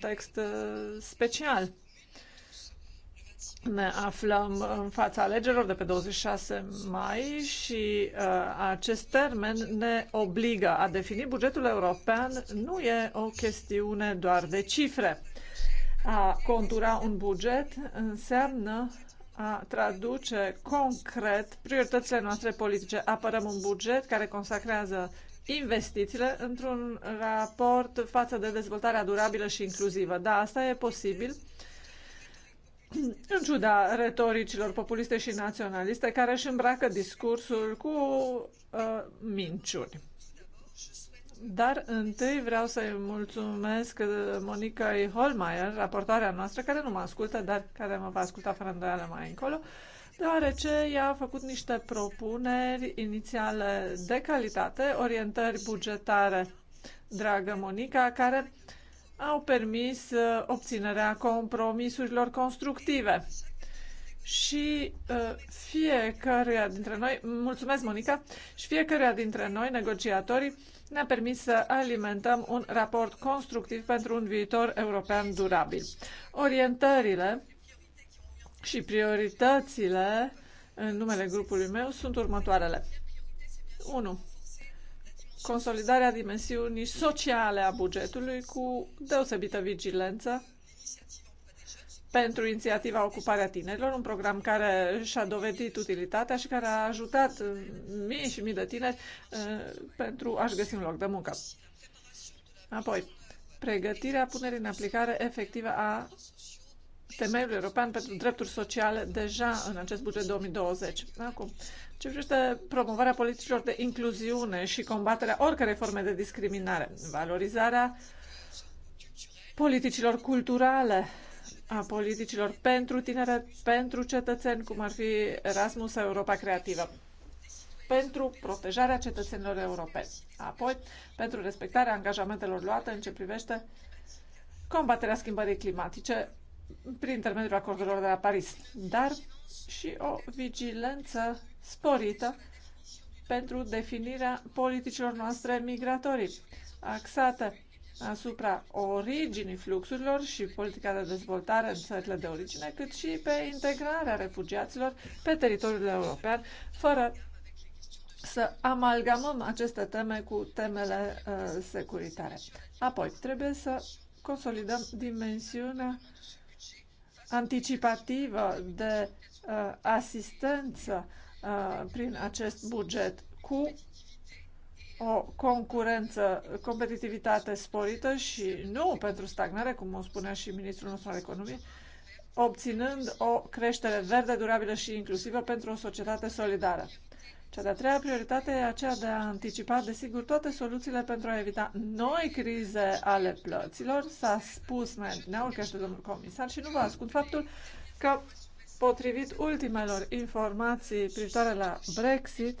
text uh, special. Ne aflăm în fața alegerilor de pe 26 mai și uh, acest termen ne obligă a defini bugetul european. Nu e o chestiune doar de cifre. A contura un buget înseamnă a traduce concret prioritățile noastre politice. Apărăm un buget care consacrează investițiile într-un raport față de dezvoltarea durabilă și inclusivă. Da, asta e posibil în ciuda retoricilor populiste și naționaliste care își îmbracă discursul cu uh, minciuni. Dar întâi vreau să-i mulțumesc Monica Holmeier, raportarea noastră, care nu mă ascultă, dar care mă va asculta fără îndoială mai încolo, uh, deoarece ea a făcut niște propuneri inițiale de calitate, orientări bugetare, dragă Monica, care au permis uh, obținerea compromisurilor constructive. Și uh, fiecăruia dintre noi, mulțumesc Monica, și fiecăruia dintre noi, negociatorii, ne-a permis să alimentăm un raport constructiv pentru un viitor european durabil. Orientările și prioritățile în numele grupului meu sunt următoarele. 1. Consolidarea dimensiunii sociale a bugetului cu deosebită vigilență pentru inițiativa Ocuparea Tinerilor, un program care și-a dovedit utilitatea și care a ajutat mii și mii de tineri uh, pentru a-și găsi un loc de muncă. Apoi, pregătirea punerii în aplicare efectivă a temeiul european pentru drepturi sociale deja în acest buget 2020. Acum, ce privește promovarea politicilor de incluziune și combaterea oricărei forme de discriminare, valorizarea politicilor culturale, a politicilor pentru tinere pentru cetățeni, cum ar fi Erasmus sau Europa Creativă, pentru protejarea cetățenilor europeni, apoi pentru respectarea angajamentelor luate în ce privește combaterea schimbării climatice prin intermediul acordurilor de la Paris, dar și o vigilență sporită pentru definirea politicilor noastre migratorii, axate asupra originii fluxurilor și politica de dezvoltare în țările de origine, cât și pe integrarea refugiaților pe teritoriul european, fără să amalgamăm aceste teme cu temele uh, securitare. Apoi, trebuie să consolidăm dimensiunea anticipativă de uh, asistență uh, prin acest buget cu o concurență, competitivitate sporită și nu pentru stagnare, cum o spunea și ministrul nostru al economiei, obținând o creștere verde, durabilă și inclusivă pentru o societate solidară. Cea de-a treia prioritate e aceea de a anticipa, desigur, toate soluțiile pentru a evita noi crize ale plăților. S-a spus mai de domnul comisar, și nu vă ascund faptul că, potrivit ultimelor informații privitoare la Brexit,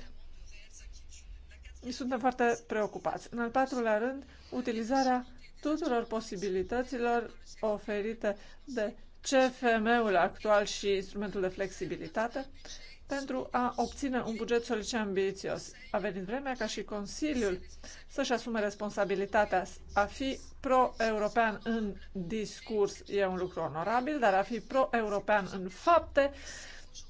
suntem foarte preocupați. În al patrulea rând, utilizarea tuturor posibilităților oferite de CFM-ul actual și instrumentul de flexibilitate pentru a obține un buget solid și ambițios. A venit vremea ca și Consiliul să-și asume responsabilitatea. A fi pro-european în discurs e un lucru onorabil, dar a fi pro-european în fapte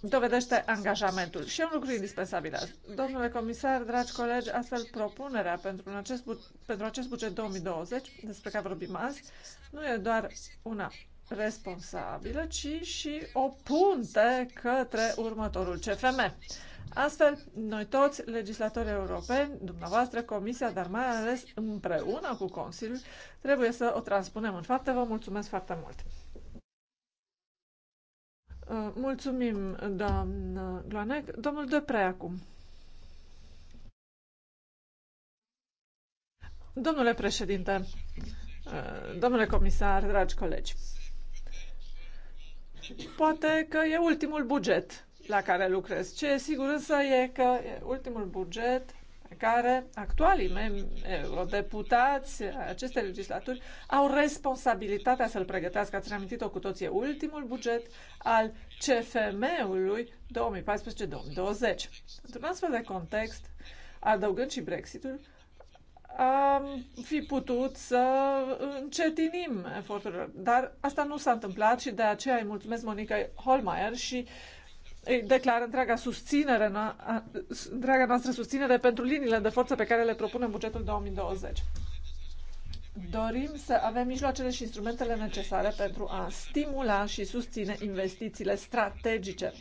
dovedește angajamentul. Și e un lucru indispensabil. Domnule comisar, dragi colegi, astfel propunerea pentru acest, pentru acest buget 2020, despre care vorbim azi, nu e doar una responsabilă, ci și o punte către următorul CFM. Astfel, noi toți, legislatorii europeni, dumneavoastră, Comisia, dar mai ales împreună cu Consiliul, trebuie să o transpunem în fapte. Vă mulțumesc foarte mult! Uh, mulțumim, doamnă Gloanec. Domnul Deprea acum. Domnule președinte, uh, domnule comisar, dragi colegi, Poate că e ultimul buget la care lucrez. Ce e sigur însă e că e ultimul buget pe care actualii mei eurodeputați aceste legislaturi au responsabilitatea să-l pregătească. Ați reamintit-o cu toții. E ultimul buget al CFM-ului 2014-2020. Într-un astfel de context, adăugând și Brexitul, am fi putut să încetinim eforturile. Dar asta nu s-a întâmplat și de aceea îi mulțumesc Monica Holmeier și îi declar întreaga, susținere, întreaga noastră susținere pentru liniile de forță pe care le propune bugetul 2020. Dorim să avem mijloacele și instrumentele necesare pentru a stimula și susține investițiile strategice,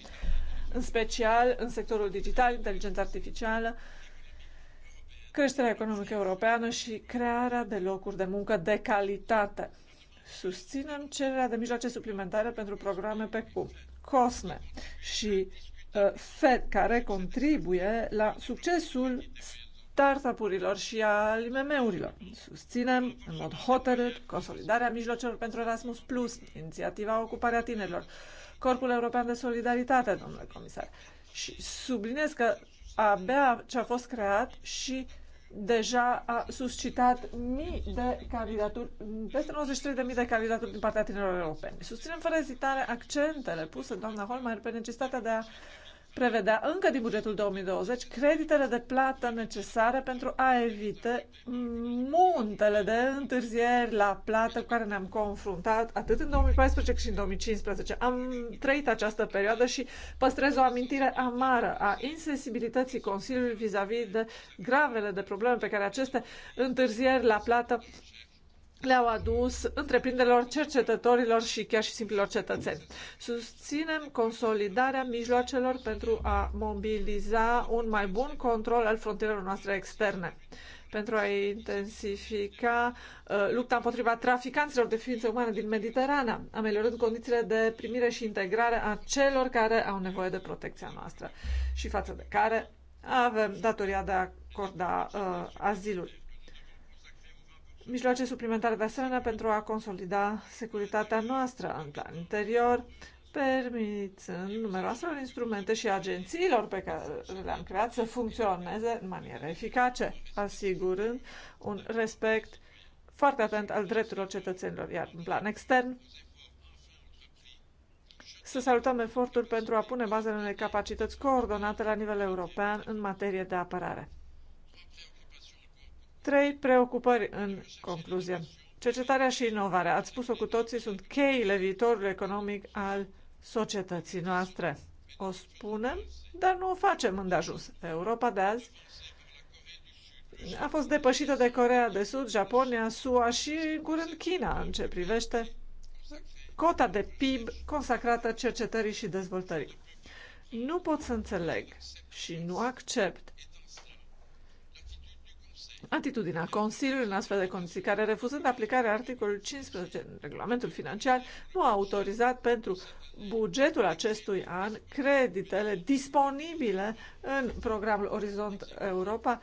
în special în sectorul digital, inteligența artificială, uh, creșterea economică europeană și crearea de locuri de muncă de calitate. Susținem cererea de mijloace suplimentare pentru programe pe cum COSME și uh, FED, care contribuie la succesul startup-urilor și al IMM-urilor. Susținem în mod hotărât consolidarea mijloacelor pentru Erasmus+, Plus, inițiativa Ocuparea Tinerilor, Corpul European de Solidaritate, domnule comisar. Și subliniez că abia ce a fost creat și deja a suscitat mii de candidaturi, peste mii de candidaturi din partea tinerilor europeni. Susținem fără ezitare accentele puse doamna Holmeier pe necesitatea de a prevedea încă din bugetul 2020 creditele de plată necesare pentru a evita muntele de întârzieri la plată cu care ne-am confruntat atât în 2014 cât și în 2015. Am trăit această perioadă și păstrez o amintire amară a insensibilității Consiliului vis-a-vis -vis de gravele de probleme pe care aceste întârzieri la plată le-au adus întreprinderilor, cercetătorilor și chiar și simplilor cetățeni. Susținem consolidarea mijloacelor pentru a mobiliza un mai bun control al frontierelor noastre externe pentru a intensifica uh, lupta împotriva traficanților de ființe umane din Mediterana, ameliorând condițiile de primire și integrare a celor care au nevoie de protecția noastră și față de care avem datoria de a acorda uh, azilul mijloace suplimentare de asemenea pentru a consolida securitatea noastră în plan interior, permițând numeroaselor instrumente și agențiilor pe care le-am creat să funcționeze în manieră eficace, asigurând un respect foarte atent al drepturilor cetățenilor, iar în plan extern, să salutăm efortul pentru a pune bazele unei capacități coordonate la nivel european în materie de apărare. Trei preocupări în concluzie. Cercetarea și inovarea, ați spus-o cu toții, sunt cheile viitorului economic al societății noastre. O spunem, dar nu o facem îndeajuns. Europa de azi a fost depășită de Corea de Sud, Japonia, SUA și, în curând, China, în ce privește cota de PIB consacrată cercetării și dezvoltării. Nu pot să înțeleg și nu accept Atitudinea Consiliului în astfel de condiții, care refuzând aplicarea articolului 15 în regulamentul financiar, nu a autorizat pentru bugetul acestui an creditele disponibile în programul Orizont Europa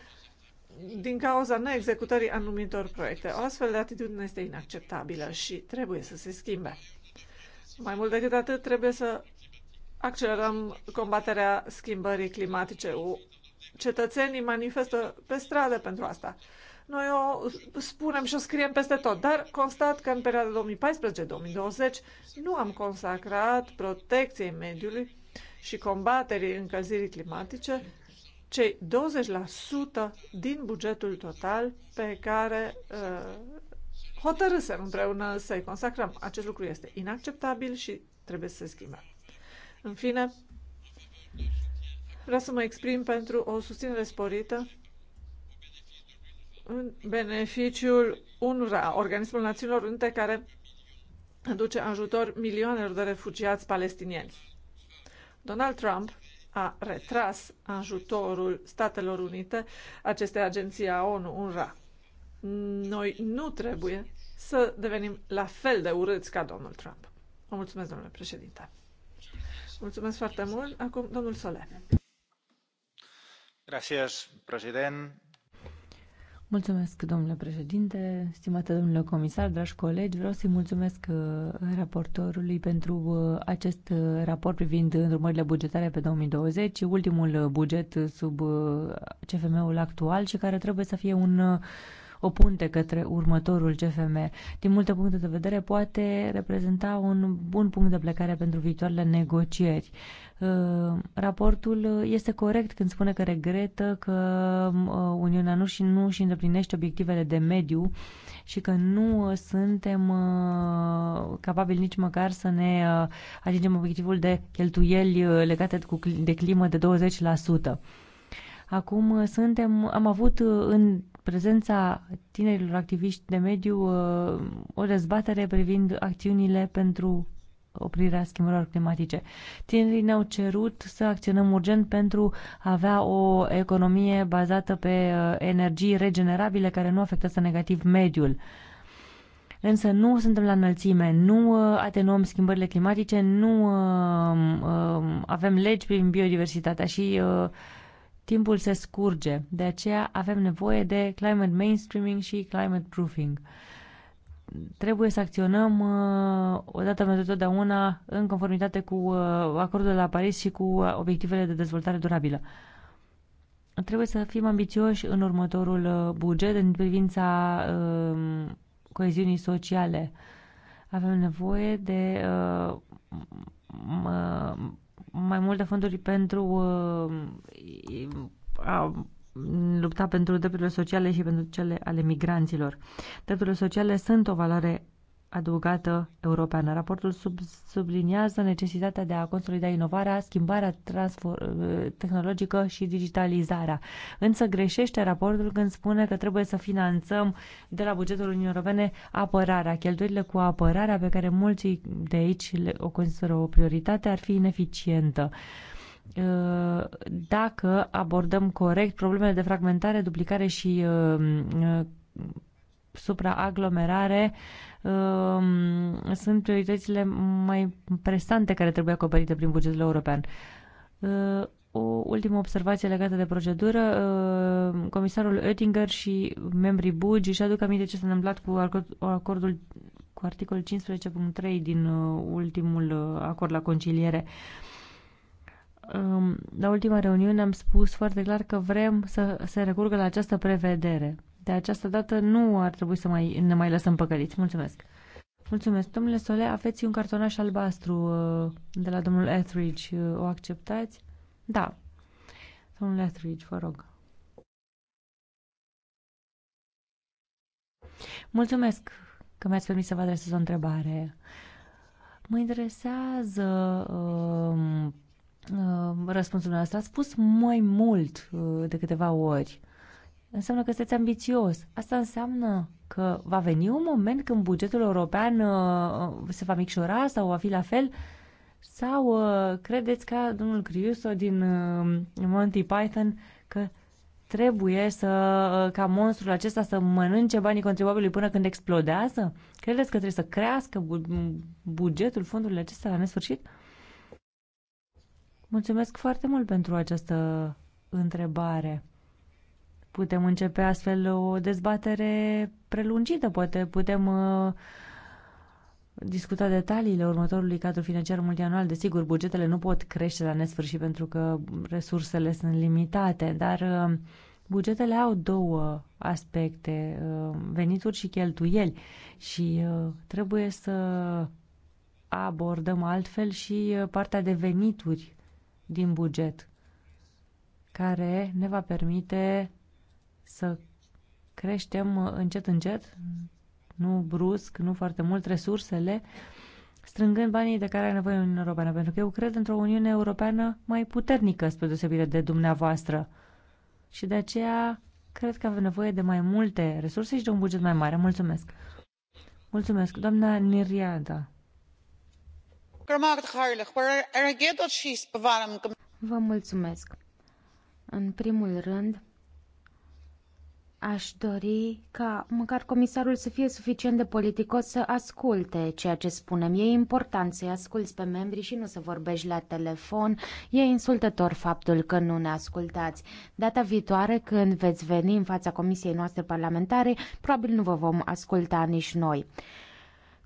din cauza neexecutării anumitor proiecte. O astfel de atitudine este inacceptabilă și trebuie să se schimbe. Mai mult decât atât, trebuie să accelerăm combaterea schimbării climatice. O Cetățenii manifestă pe stradă pentru asta. Noi o spunem și o scriem peste tot, dar constat că în perioada 2014-2020 nu am consacrat protecției mediului și combaterii încălzirii climatice cei 20% din bugetul total pe care uh, hotărâsem împreună să-i consacrăm. Acest lucru este inacceptabil și trebuie să se schimbe. În fine, Vreau să mă exprim pentru o susținere sporită în beneficiul UNRWA, Organismul Națiunilor Unite, care aduce ajutor milioanelor de refugiați palestinieni. Donald Trump a retras ajutorul Statelor Unite, acestei agenții a ONU, UNRWA. Noi nu trebuie să devenim la fel de urâți ca Donald Trump. Vă mulțumesc, domnule președinte. Mulțumesc foarte mult. Acum, domnul Sole. Mulțumesc, domnule președinte, stimate domnule comisar, dragi colegi. Vreau să-i mulțumesc uh, raportorului pentru uh, acest uh, raport privind îndrumările bugetare pe 2020, ultimul buget sub CFM-ul actual și care trebuie să fie un o punte către următorul CFM. Din multe puncte de vedere, poate reprezenta un bun punct de plecare pentru viitoarele negocieri. Uh, raportul este corect când spune că regretă că uh, Uniunea nu și nu și îndeplinește obiectivele de mediu și că nu suntem uh, capabili nici măcar să ne atingem obiectivul de cheltuieli legate de climă de 20%. Acum suntem, am avut în prezența tinerilor activiști de mediu uh, o dezbatere privind acțiunile pentru oprirea schimbărilor climatice. Tinerii ne-au cerut să acționăm urgent pentru a avea o economie bazată pe uh, energii regenerabile care nu afectează negativ mediul. Însă nu suntem la înălțime, nu uh, atenuăm schimbările climatice, nu avem legi prin biodiversitatea și timpul se scurge. De aceea avem nevoie de climate mainstreaming și climate proofing. Trebuie să acționăm uh, odată pentru totdeauna în conformitate cu uh, acordul de la Paris și cu uh, obiectivele de dezvoltare durabilă. Trebuie să fim ambițioși în următorul uh, buget în privința uh, coeziunii sociale. Avem nevoie de uh, mai multe fonduri pentru uh, a lupta pentru drepturile sociale și pentru cele ale migranților. Drepturile sociale sunt o valoare adăugată europeană. Raportul sub, subliniază necesitatea de a consolida inovarea, schimbarea tehnologică și digitalizarea. Însă greșește raportul când spune că trebuie să finanțăm de la bugetul Uniunii Europene apărarea. Cheltuielile cu apărarea pe care mulți de aici le, o consideră o prioritate ar fi ineficientă dacă abordăm corect problemele de fragmentare, duplicare și uh, uh, supraaglomerare um, sunt prioritățile mai prestante care trebuie acoperite prin bugetul european. Uh, o ultimă observație legată de procedură. Uh, comisarul Oettinger și membrii Bugi își aduc aminte ce s-a întâmplat cu acord, acordul cu articolul 15.3 din uh, ultimul uh, acord la conciliere. Um, la ultima reuniune am spus foarte clar că vrem să se recurgă la această prevedere. De această dată nu ar trebui să mai, ne mai lăsăm păcăliți. Mulțumesc! Mulțumesc. Domnule Sole, aveți un cartonaș albastru uh, de la domnul Etheridge. Uh, o acceptați? Da. Domnul Etheridge, vă rog. Mulțumesc că mi-ați permis să vă adresez o întrebare. Mă interesează uh, uh, răspunsul dumneavoastră. Ați spus mai mult uh, de câteva ori. Uh, înseamnă că sunteți ambițios. Asta înseamnă că va veni un moment când bugetul european uh, uh, se va micșora sau va fi la fel? Sau uh, credeți ca domnul Criuso din Monty Python că trebuie să, ca monstrul acesta să mănânce banii contribuabilului până când explodează? Credeți că trebuie să crească bugetul, fondurile acestea la nesfârșit? Mulțumesc foarte mult pentru această întrebare. Putem începe astfel o dezbatere prelungită, poate putem uh, discuta detaliile următorului cadru financiar multianual. Desigur, bugetele nu pot crește la nesfârșit pentru că resursele sunt limitate, dar uh, bugetele au două aspecte, uh, venituri și cheltuieli și trebuie să abordăm altfel și partea de venituri din buget, care ne va permite să creștem încet, încet, nu brusc, nu foarte mult, resursele, strângând banii de care are nevoie Uniunea Europeană, pentru că eu cred într-o Uniune Europeană mai puternică, spre deosebire de dumneavoastră. Și de aceea cred că avem nevoie de mai multe resurse și de un buget mai mare. Mulțumesc! Mulțumesc, doamna Niriada. Vă mulțumesc. În primul rând, Aș dori ca măcar comisarul să fie suficient de politicos să asculte ceea ce spunem. E important să-i asculți pe membri și nu să vorbești la telefon. E insultător faptul că nu ne ascultați. Data viitoare, când veți veni în fața comisiei noastre parlamentare, probabil nu vă vom asculta nici noi.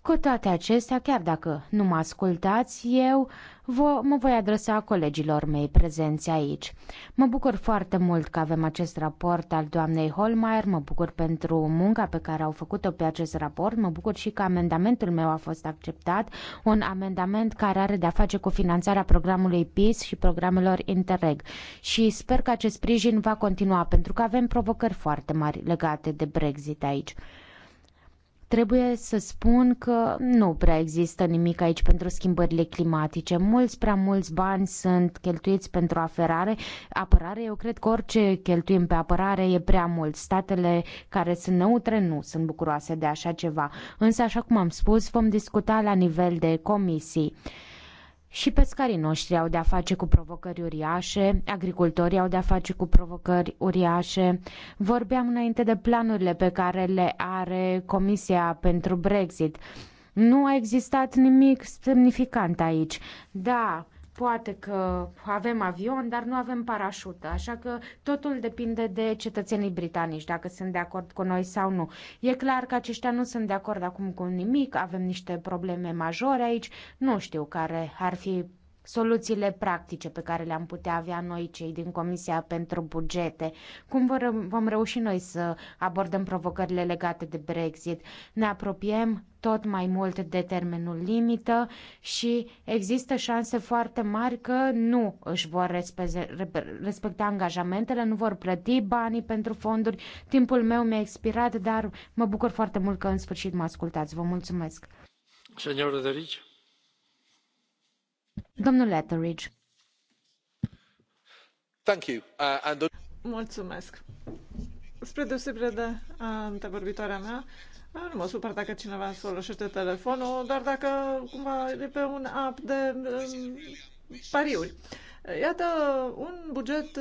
Cu toate acestea, chiar dacă nu mă ascultați, eu vă, mă voi adresa colegilor mei prezenți aici. Mă bucur foarte mult că avem acest raport al doamnei Holmeier, mă bucur pentru munca pe care au făcut-o pe acest raport, mă bucur și că amendamentul meu a fost acceptat, un amendament care are de-a face cu finanțarea programului PIS și programelor Interreg. Și sper că acest sprijin va continua, pentru că avem provocări foarte mari legate de Brexit aici. Trebuie să spun că nu prea există nimic aici pentru schimbările climatice. Mulți prea mulți bani sunt cheltuiți pentru aferare, apărare. Eu cred că orice cheltuim pe apărare e prea mult. Statele care sunt neutre nu sunt bucuroase de așa ceva. Însă, așa cum am spus, vom discuta la nivel de comisii. Și pescarii noștri au de-a face cu provocări uriașe, agricultorii au de-a face cu provocări uriașe. Vorbeam înainte de planurile pe care le are Comisia pentru Brexit. Nu a existat nimic semnificant aici. Da, Poate că avem avion, dar nu avem parașută, așa că totul depinde de cetățenii britanici, dacă sunt de acord cu noi sau nu. E clar că aceștia nu sunt de acord acum cu nimic, avem niște probleme majore aici, nu știu care ar fi soluțiile practice pe care le-am putea avea noi cei din Comisia pentru Bugete, cum vom reuși noi să abordăm provocările legate de Brexit. Ne apropiem tot mai mult de termenul limită și există șanse foarte mari că nu își vor respecta angajamentele, nu vor plăti banii pentru fonduri. Timpul meu mi-a expirat, dar mă bucur foarte mult că în sfârșit mă ascultați. Vă mulțumesc! Senor Roderici. Domnule Etheridge. Uh, Spre deosebire de antevorbitoarea uh, mea, uh, nu mă supăr dacă cineva îmi folosește telefonul, doar dacă cumva e pe un app de um, pariuri. Iată un buget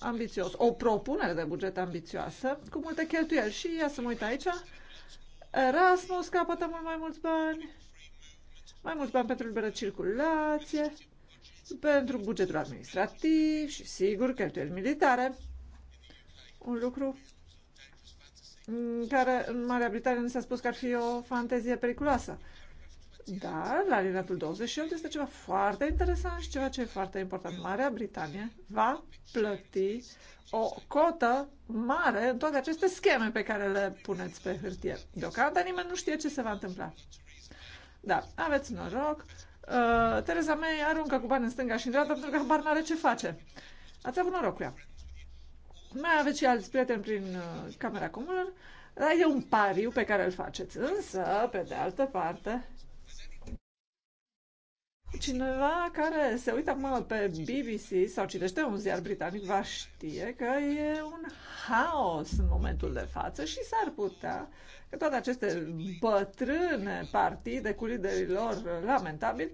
ambițios, o propunere de buget ambițioasă, cu multe cheltuieli. Și ia să mă uit aici, Erasmus capătă mult mai mulți bani, mai mulți bani pentru liberă circulație, pentru bugetul administrativ și, sigur, cheltuieli militare. Un lucru care în Marea Britanie nu s-a spus că ar fi o fantezie periculoasă. Dar la alineatul 28 este ceva foarte interesant și ceva ce e foarte important. Marea Britanie va plăti o cotă mare în toate aceste scheme pe care le puneți pe hârtie. Deocamdată nimeni nu știe ce se va întâmpla. Da, aveți noroc. Uh, Tereza mea aruncă cu bani în stânga și în dreapta pentru că habar n-are ce face. Ați avut noroc cu ea. Mai aveți și alți prieteni prin uh, Camera Comună, dar e un pariu pe care îl faceți. Însă, pe de altă parte, Cineva care se uită acum pe BBC sau citește un ziar britanic va știe că e un haos în momentul de față și s-ar putea că toate aceste bătrâne partide cu liderii lor lamentabili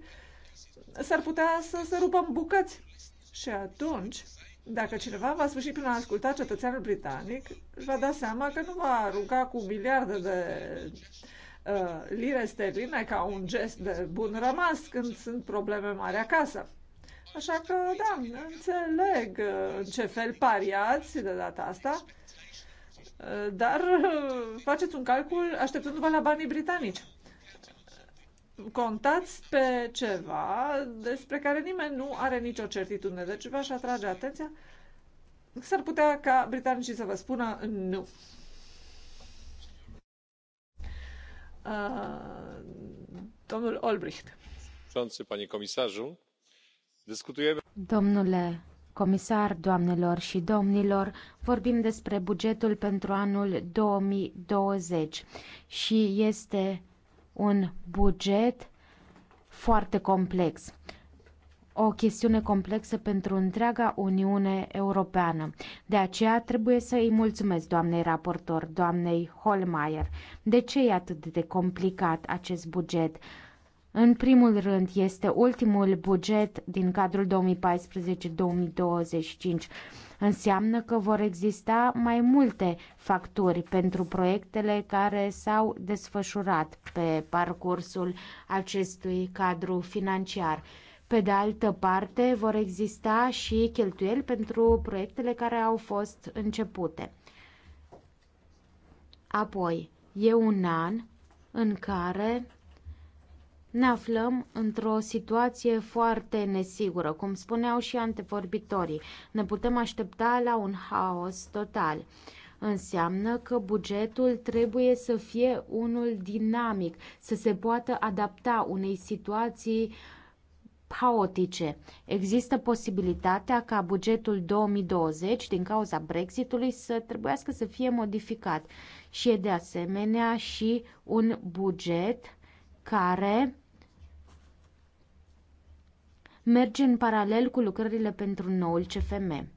s-ar putea să se rupă în bucăți. Și atunci, dacă cineva va sfârși prin a asculta cetățeanul britanic, își va da seama că nu va arunca cu miliarde de Uh, lire sterline ca un gest de bun rămas când sunt probleme mari acasă. Așa că, da, înțeleg uh, în ce fel pariați de data asta, uh, dar faceți un calcul așteptându-vă la banii britanici. Contați pe ceva despre care nimeni nu are nicio certitudine. Deci v-aș atrage atenția. S-ar putea ca britanicii să vă spună nu. Uh, Olbricht. Domnule comisar, doamnelor și domnilor, vorbim despre bugetul pentru anul 2020 și este un buget foarte complex o chestiune complexă pentru întreaga Uniune Europeană. De aceea trebuie să îi mulțumesc doamnei raportor, doamnei Holmeier. De ce e atât de complicat acest buget? În primul rând, este ultimul buget din cadrul 2014-2025. Înseamnă că vor exista mai multe facturi pentru proiectele care s-au desfășurat pe parcursul acestui cadru financiar pe de altă parte, vor exista și cheltuieli pentru proiectele care au fost începute. Apoi, e un an în care ne aflăm într-o situație foarte nesigură, cum spuneau și antevorbitorii. Ne putem aștepta la un haos total. Înseamnă că bugetul trebuie să fie unul dinamic, să se poată adapta unei situații uh, haotice. Există posibilitatea ca bugetul 2020 din cauza Brexitului să trebuiască să fie modificat și e de asemenea și un buget care merge în paralel cu lucrările pentru noul CFM.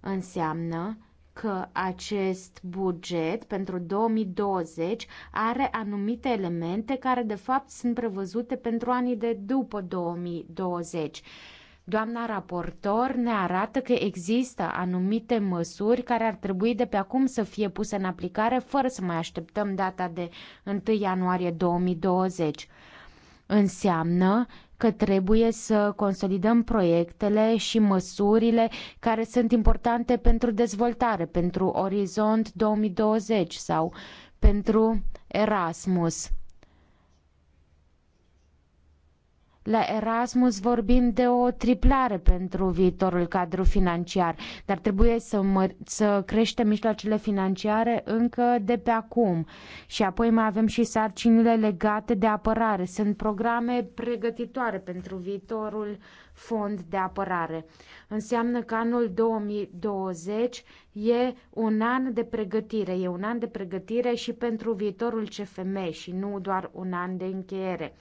Înseamnă că acest buget pentru 2020 are anumite elemente care de fapt sunt prevăzute pentru anii de după 2020. Doamna raportor ne arată că există anumite măsuri care ar trebui de pe acum să fie puse în aplicare fără să mai așteptăm data de 1 ianuarie 2020. Înseamnă că trebuie să consolidăm proiectele și măsurile care sunt importante pentru dezvoltare, pentru Orizont 2020 sau pentru Erasmus. La Erasmus vorbim de o triplare pentru viitorul cadru financiar, dar trebuie să, mă, să creștem mijloacele financiare încă de pe acum. Și apoi mai avem și sarcinile legate de apărare. Sunt programe pregătitoare pentru viitorul fond de apărare. Înseamnă că anul 2020 e un an de pregătire, e un an de pregătire și pentru viitorul CFM și nu doar un an de încheiere.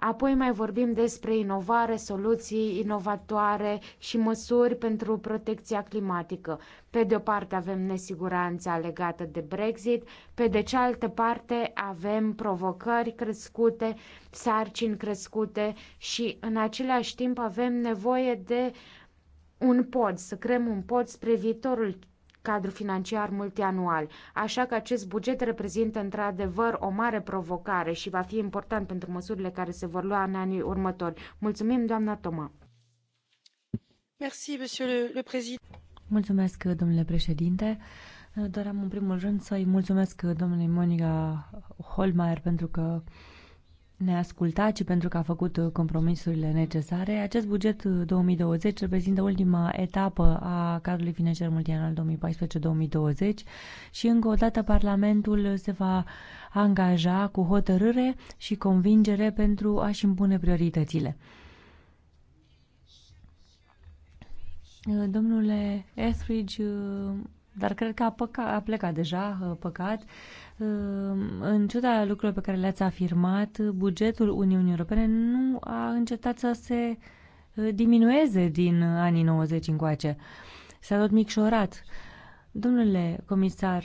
Apoi mai vorbim despre inovare, soluții inovatoare și măsuri pentru protecția climatică. Pe de o parte avem nesiguranța legată de Brexit, pe de cealaltă parte avem provocări crescute, sarcini crescute și în același timp avem nevoie de un pod, să creăm un pod spre viitorul cadru financiar multianual, așa că acest buget reprezintă într-adevăr o mare provocare și va fi important pentru măsurile care se vor lua în anii următori. Mulțumim, doamna Toma. Merci, monsieur le, le président. Mulțumesc, domnule președinte. Doream în primul rând să-i mulțumesc domnului Monica Holmeier pentru că ne-a ascultat pentru că a făcut uh, compromisurile necesare. Acest buget 2020 uh, reprezintă ultima etapă a cadrului financiar multianual 2014-2020 și încă o dată Parlamentul se va angaja cu hotărâre și convingere pentru a-și impune prioritățile. Uh, domnule Etheridge, dar cred că a, păca, a plecat deja, păcat. Ehm, în ciuda lucrurilor pe care le-ați afirmat, bugetul Uniunii Europene nu a încetat să se diminueze din anii 90 încoace. S-a tot micșorat. Domnule comisar,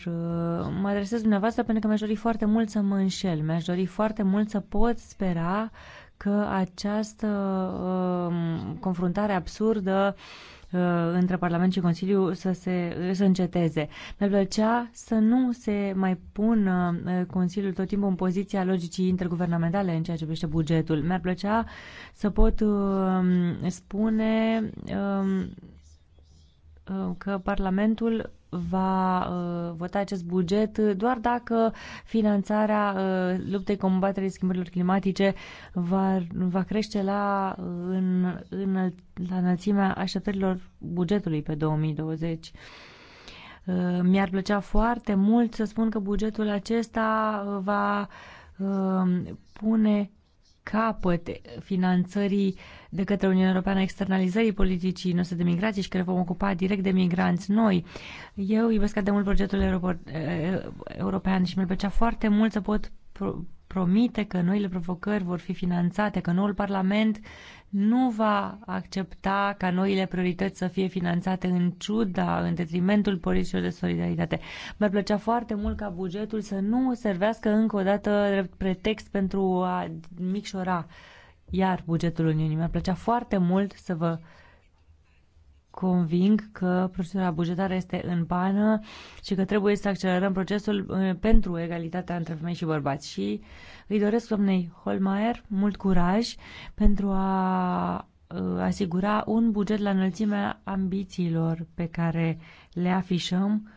mă adresez dumneavoastră pentru că mi-aș dori foarte mult să mă înșel. Mi-aș dori foarte mult să pot spera că această uh, confruntare absurdă Uh, între Parlament și Consiliu să, se, să înceteze. Mi-ar plăcea să nu se mai pună uh, Consiliul tot timpul în poziția logicii interguvernamentale în ceea ce privește bugetul. Mi-ar plăcea să pot uh, spune um, că Parlamentul va uh, vota acest buget doar dacă finanțarea uh, luptei combaterii schimbărilor climatice va, va crește la, uh, în, în, la înălțimea așteptărilor bugetului pe 2020. Mi-ar plăcea foarte mult să spun că bugetul acesta va pune capăt finanțării de către Uniunea Europeană externalizării politicii noastre de migrație și care vom ocupa direct de migranți noi. Eu iubesc de mult proiectul european și mi-ar plăcea foarte mult să pot promite că noile provocări vor fi finanțate, că noul Parlament nu va accepta ca noile priorități să fie finanțate în ciuda, în detrimentul politicilor de solidaritate. Mi-ar plăcea foarte mult ca bugetul să nu servească încă o dată pretext pentru a micșora iar bugetul Uniunii. Mi-ar plăcea foarte mult să vă conving că procedura bugetară este în pană și că trebuie să accelerăm procesul uh, pentru egalitatea între femei și bărbați. Și uh, îi doresc doamnei Holmaier mult curaj pentru a uh, asigura un buget la înălțimea ambițiilor pe care le afișăm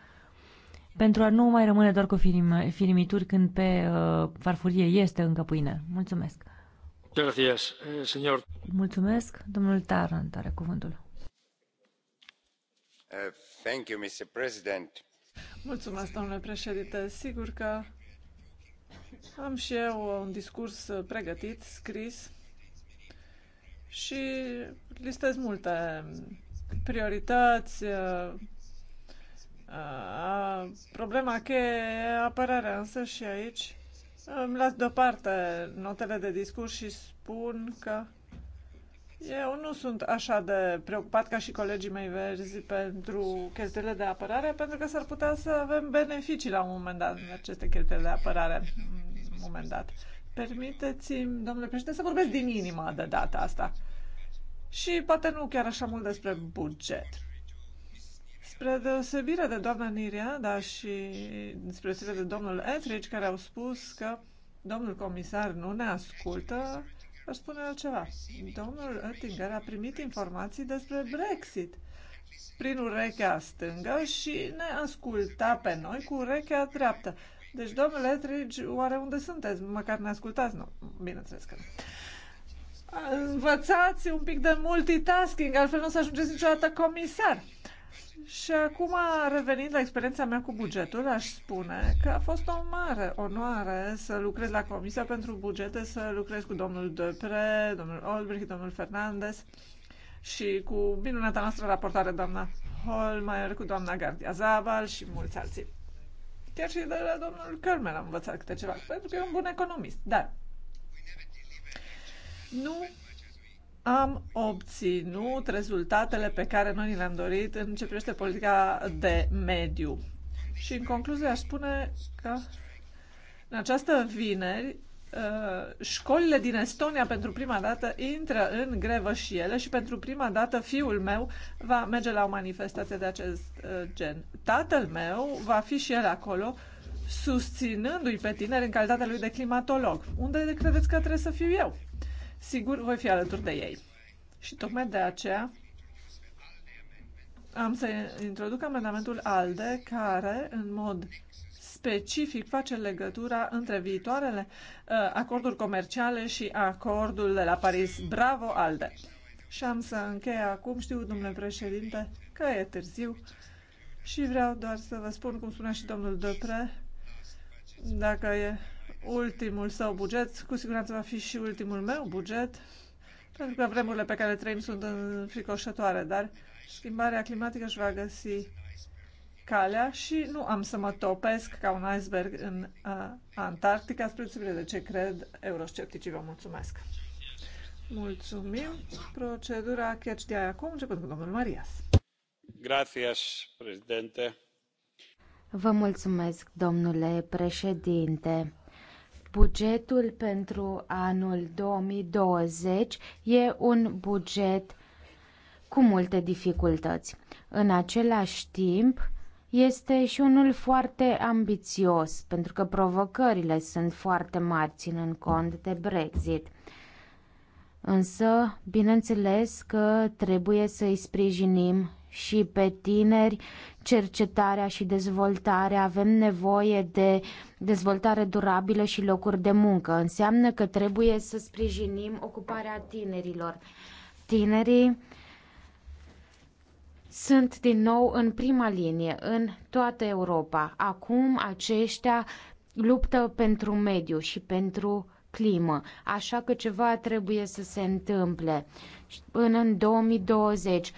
pentru a nu mai rămâne doar cu firim, firimituri când pe uh, farfurie este încă pâine. Mulțumesc! Gracias, eh, señor. Mulțumesc, domnul Tarant are cuvântul. Uh, thank you, Mr. President. Mulțumesc, domnule președinte. Sigur că am și eu un discurs pregătit, scris și listez multe priorități, problema că apărarea însă și aici îmi las deoparte notele de discurs și spun că eu nu sunt așa de preocupat ca și colegii mei verzi pentru chestiile de apărare, pentru că s-ar putea să avem beneficii la un moment dat în aceste chestiile de apărare. Un moment dat. Permiteți-mi, domnule președinte, să vorbesc din inimă de data asta. Și poate nu chiar așa mult despre buget. Spre deosebire de doamna Niria, dar și spre deosebire de domnul Etrich, care au spus că domnul comisar nu ne ascultă, Aș spune altceva. Domnul Oettinger a primit informații despre Brexit prin urechea stângă și ne asculta pe noi cu urechea dreaptă. Deci, domnule Etridge, oare unde sunteți? Măcar ne ascultați? Nu, bineînțeles că nu. Învățați un pic de multitasking, altfel nu o să ajungeți niciodată comisar. Și acum, revenind la experiența mea cu bugetul, aș spune că a fost o mare onoare să lucrez la Comisia pentru Bugete, să lucrez cu domnul Depre, domnul Olbrich, domnul Fernandez și cu minunata noastră raportare, doamna Holmeier, cu doamna Gardia Zaval și mulți alții. Chiar și de la domnul Kermel am învățat câte ceva, pentru că e un bun economist. Dar nu am obținut rezultatele pe care noi le-am dorit în ce privește politica de mediu. Și în concluzie aș spune că în această vineri uh, școlile din Estonia pentru prima dată intră în grevă și ele și pentru prima dată fiul meu va merge la o manifestație de acest uh, gen. Tatăl meu va fi și el acolo susținându-i pe tineri în calitatea lui de climatolog. Unde credeți că trebuie să fiu eu? sigur voi fi alături de ei. Și tocmai de aceea am să introduc amendamentul ALDE, care în mod specific face legătura între viitoarele uh, acorduri comerciale și acordul de la Paris. Bravo, ALDE! Și am să închei acum, știu, domnule președinte, că e târziu și vreau doar să vă spun, cum spunea și domnul Dupre, dacă e ultimul său buget, cu siguranță va fi și ultimul meu buget, pentru că vremurile pe care trăim sunt înfricoșătoare, dar schimbarea climatică își va găsi calea și nu am să mă topesc ca un iceberg în uh, Antarctica, spre deosebire de ce cred euroscepticii. Vă mulțumesc! Mulțumim! Procedura catch de acum, începând cu domnul Marias. Gracias, președinte. Vă mulțumesc, domnule președinte. Bugetul pentru anul 2020 e un buget cu multe dificultăți. În același timp, este și unul foarte ambițios, pentru că provocările sunt foarte mari, ținând cont de Brexit. Însă, bineînțeles că trebuie să îi sprijinim și pe tineri, cercetarea și dezvoltarea. Avem nevoie de dezvoltare durabilă și locuri de muncă. Înseamnă că trebuie să sprijinim ocuparea tinerilor. Tinerii sunt din nou în prima linie în toată Europa. Acum aceștia luptă pentru mediu și pentru climă, așa că ceva trebuie să se întâmple. Până în 2020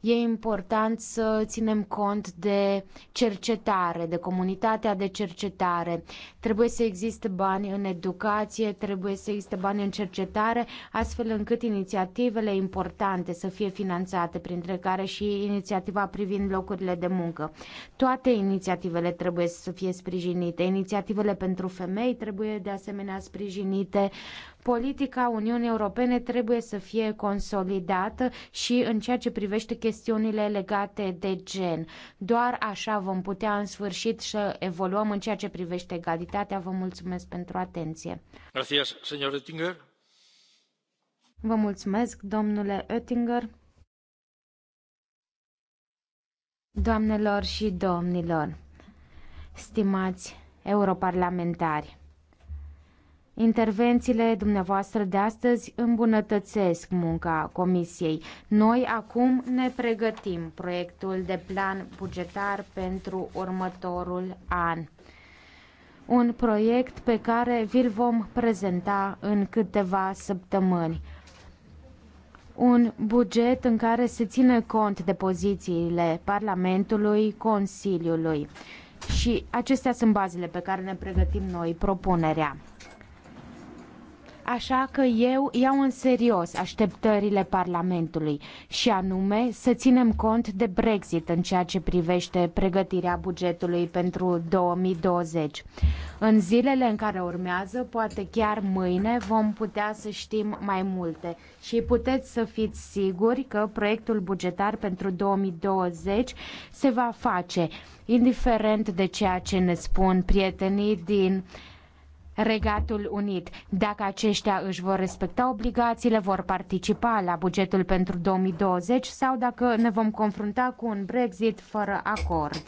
E important să ținem cont de cercetare, de comunitatea de cercetare. Trebuie să existe bani în educație, trebuie să existe bani în cercetare, astfel încât inițiativele importante să fie finanțate, printre care și inițiativa privind locurile de muncă. Toate inițiativele trebuie să fie sprijinite. Inițiativele pentru femei trebuie de asemenea sprijinite politica Uniunii Europene trebuie să fie consolidată și în ceea ce privește chestiunile legate de gen. Doar așa vom putea în sfârșit să evoluăm în ceea ce privește egalitatea. Vă mulțumesc pentru atenție. Gracias, señor Oettinger. Vă mulțumesc, domnule Oettinger. Doamnelor și domnilor, stimați europarlamentari, Intervențiile dumneavoastră de astăzi îmbunătățesc munca Comisiei. Noi acum ne pregătim proiectul de plan bugetar pentru următorul an. Un proiect pe care vi-l vom prezenta în câteva săptămâni un buget în care se ține cont de pozițiile Parlamentului, Consiliului. Și acestea sunt bazele pe care ne pregătim noi propunerea. Așa că eu iau în serios așteptările Parlamentului și anume să ținem cont de Brexit în ceea ce privește pregătirea bugetului pentru 2020. În zilele în care urmează, poate chiar mâine, vom putea să știm mai multe și puteți să fiți siguri că proiectul bugetar pentru 2020 se va face, indiferent de ceea ce ne spun prietenii din Regatul Unit. Dacă aceștia își vor respecta obligațiile, vor participa la bugetul pentru 2020 sau dacă ne vom confrunta cu un Brexit fără acord.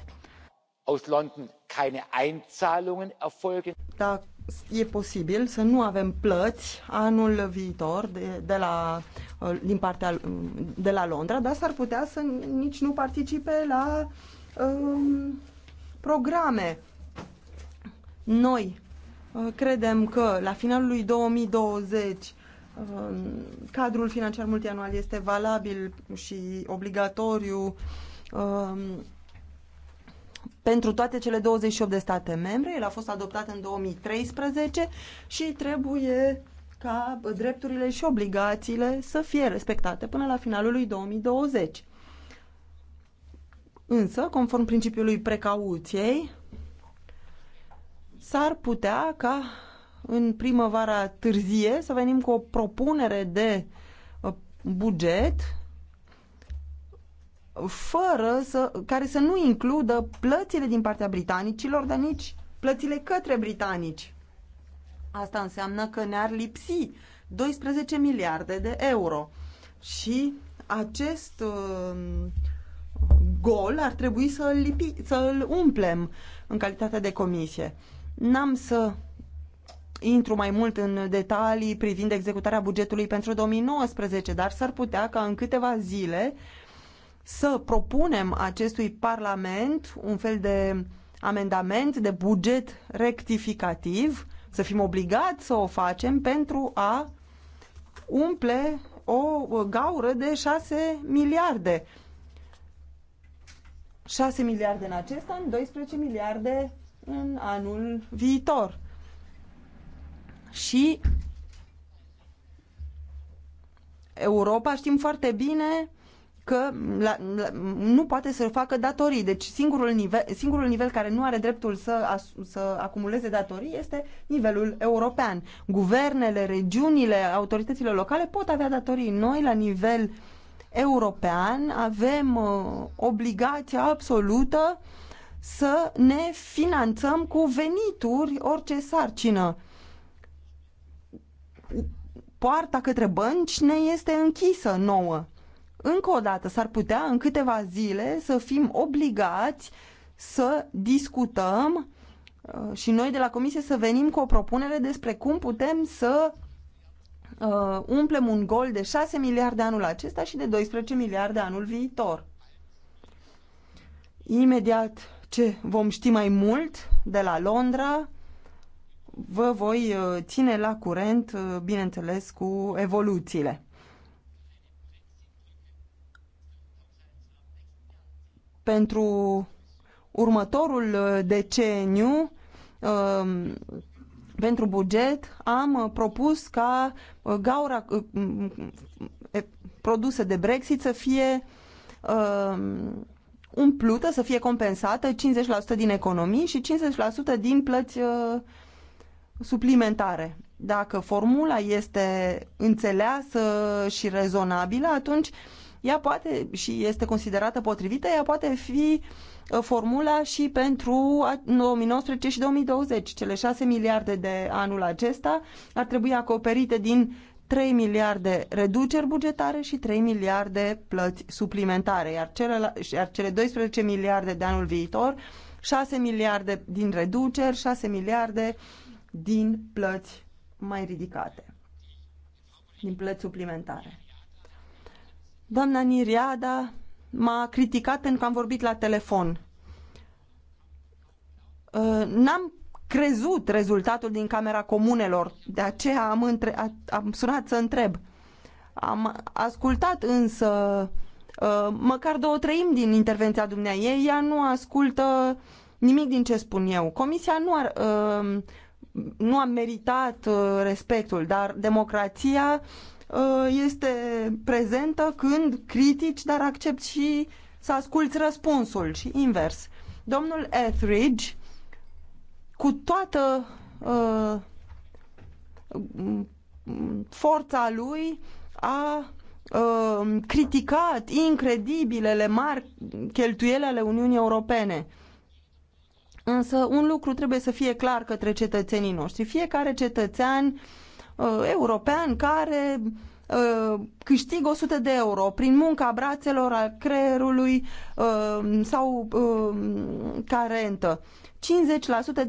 Aus London keine Einzahlungen erfolgen. Da, e posibil să nu avem plăți anul viitor de, de la, uh, din partea uh, de la Londra, dar s-ar putea să nici nu participe la um, programe. Noi Uh, credem că la finalul lui 2020 uh, cadrul financiar multianual este valabil și obligatoriu uh, pentru toate cele 28 de state membre. El a fost adoptat în 2013 și trebuie ca drepturile și obligațiile să fie respectate până la finalul lui 2020. Însă, conform principiului precauției, s-ar putea ca în primăvara târzie să venim cu o propunere de uh, buget fără să, care să nu includă plățile din partea britanicilor, dar nici plățile către britanici. Asta înseamnă că ne-ar lipsi 12 miliarde de euro. Și acest uh, gol ar trebui să-l, să umplem în calitate de comisie. N-am să intru mai mult în detalii privind executarea bugetului pentru 2019, dar s-ar putea ca în câteva zile să propunem acestui Parlament un fel de amendament de buget rectificativ, să fim obligați să o facem pentru a umple o gaură de 6 miliarde. 6 miliarde în acest an, 12 miliarde în anul viitor. Și Europa știm foarte bine că la, la, nu poate să facă datorii. Deci singurul nivel, singurul nivel care nu are dreptul să, să acumuleze datorii este nivelul european. Guvernele, regiunile, autoritățile locale pot avea datorii. Noi, la nivel european, avem uh, obligația absolută uh, să ne finanțăm cu venituri orice sarcină. Poarta către bănci ne este închisă nouă. Încă o dată, s-ar putea în câteva zile să fim obligați să discutăm uh, și noi de la Comisie să venim cu o propunere despre cum putem să uh, umplem un gol de 6 miliarde anul acesta și de 12 miliarde anul viitor. Imediat ce vom ști mai mult de la Londra, vă voi uh, ține la curent, uh, bineînțeles, cu evoluțiile. Pentru următorul uh, deceniu, um, pentru buget, am propus ca gaura produse de Brexit să fie um, umplută să fie compensată 50% din economii și 50% din plăți uh, suplimentare. Dacă formula este înțeleasă și rezonabilă, atunci ea poate și este considerată potrivită, ea poate fi uh, formula și pentru 2019 și 2020. Cele 6 miliarde de anul acesta ar trebui acoperite din 3 miliarde reduceri bugetare și 3 miliarde plăți suplimentare, iar, cele, iar cele 12 miliarde de anul viitor, 6 miliarde din reduceri, 6 miliarde din plăți mai ridicate, din plăți suplimentare. Doamna Niriada m-a criticat pentru că am vorbit la telefon. N-am crezut rezultatul din Camera Comunelor. De aceea am, între, am sunat să întreb. Am ascultat însă uh, măcar două treimi din intervenția dumneai. Ea nu ascultă nimic din ce spun eu. Comisia nu, ar, uh, nu a meritat uh, respectul, dar democrația este prezentă când critici, dar accept și să asculți răspunsul și invers. Domnul Etheridge cu toată uh, forța lui a uh, criticat incredibilele mari cheltuiele ale Uniunii Europene. Însă un lucru trebuie să fie clar către cetățenii noștri. Fiecare cetățean uh, european care uh, Uh, câștig 100 de euro prin munca brațelor, al creierului uh, sau uh, ca rentă.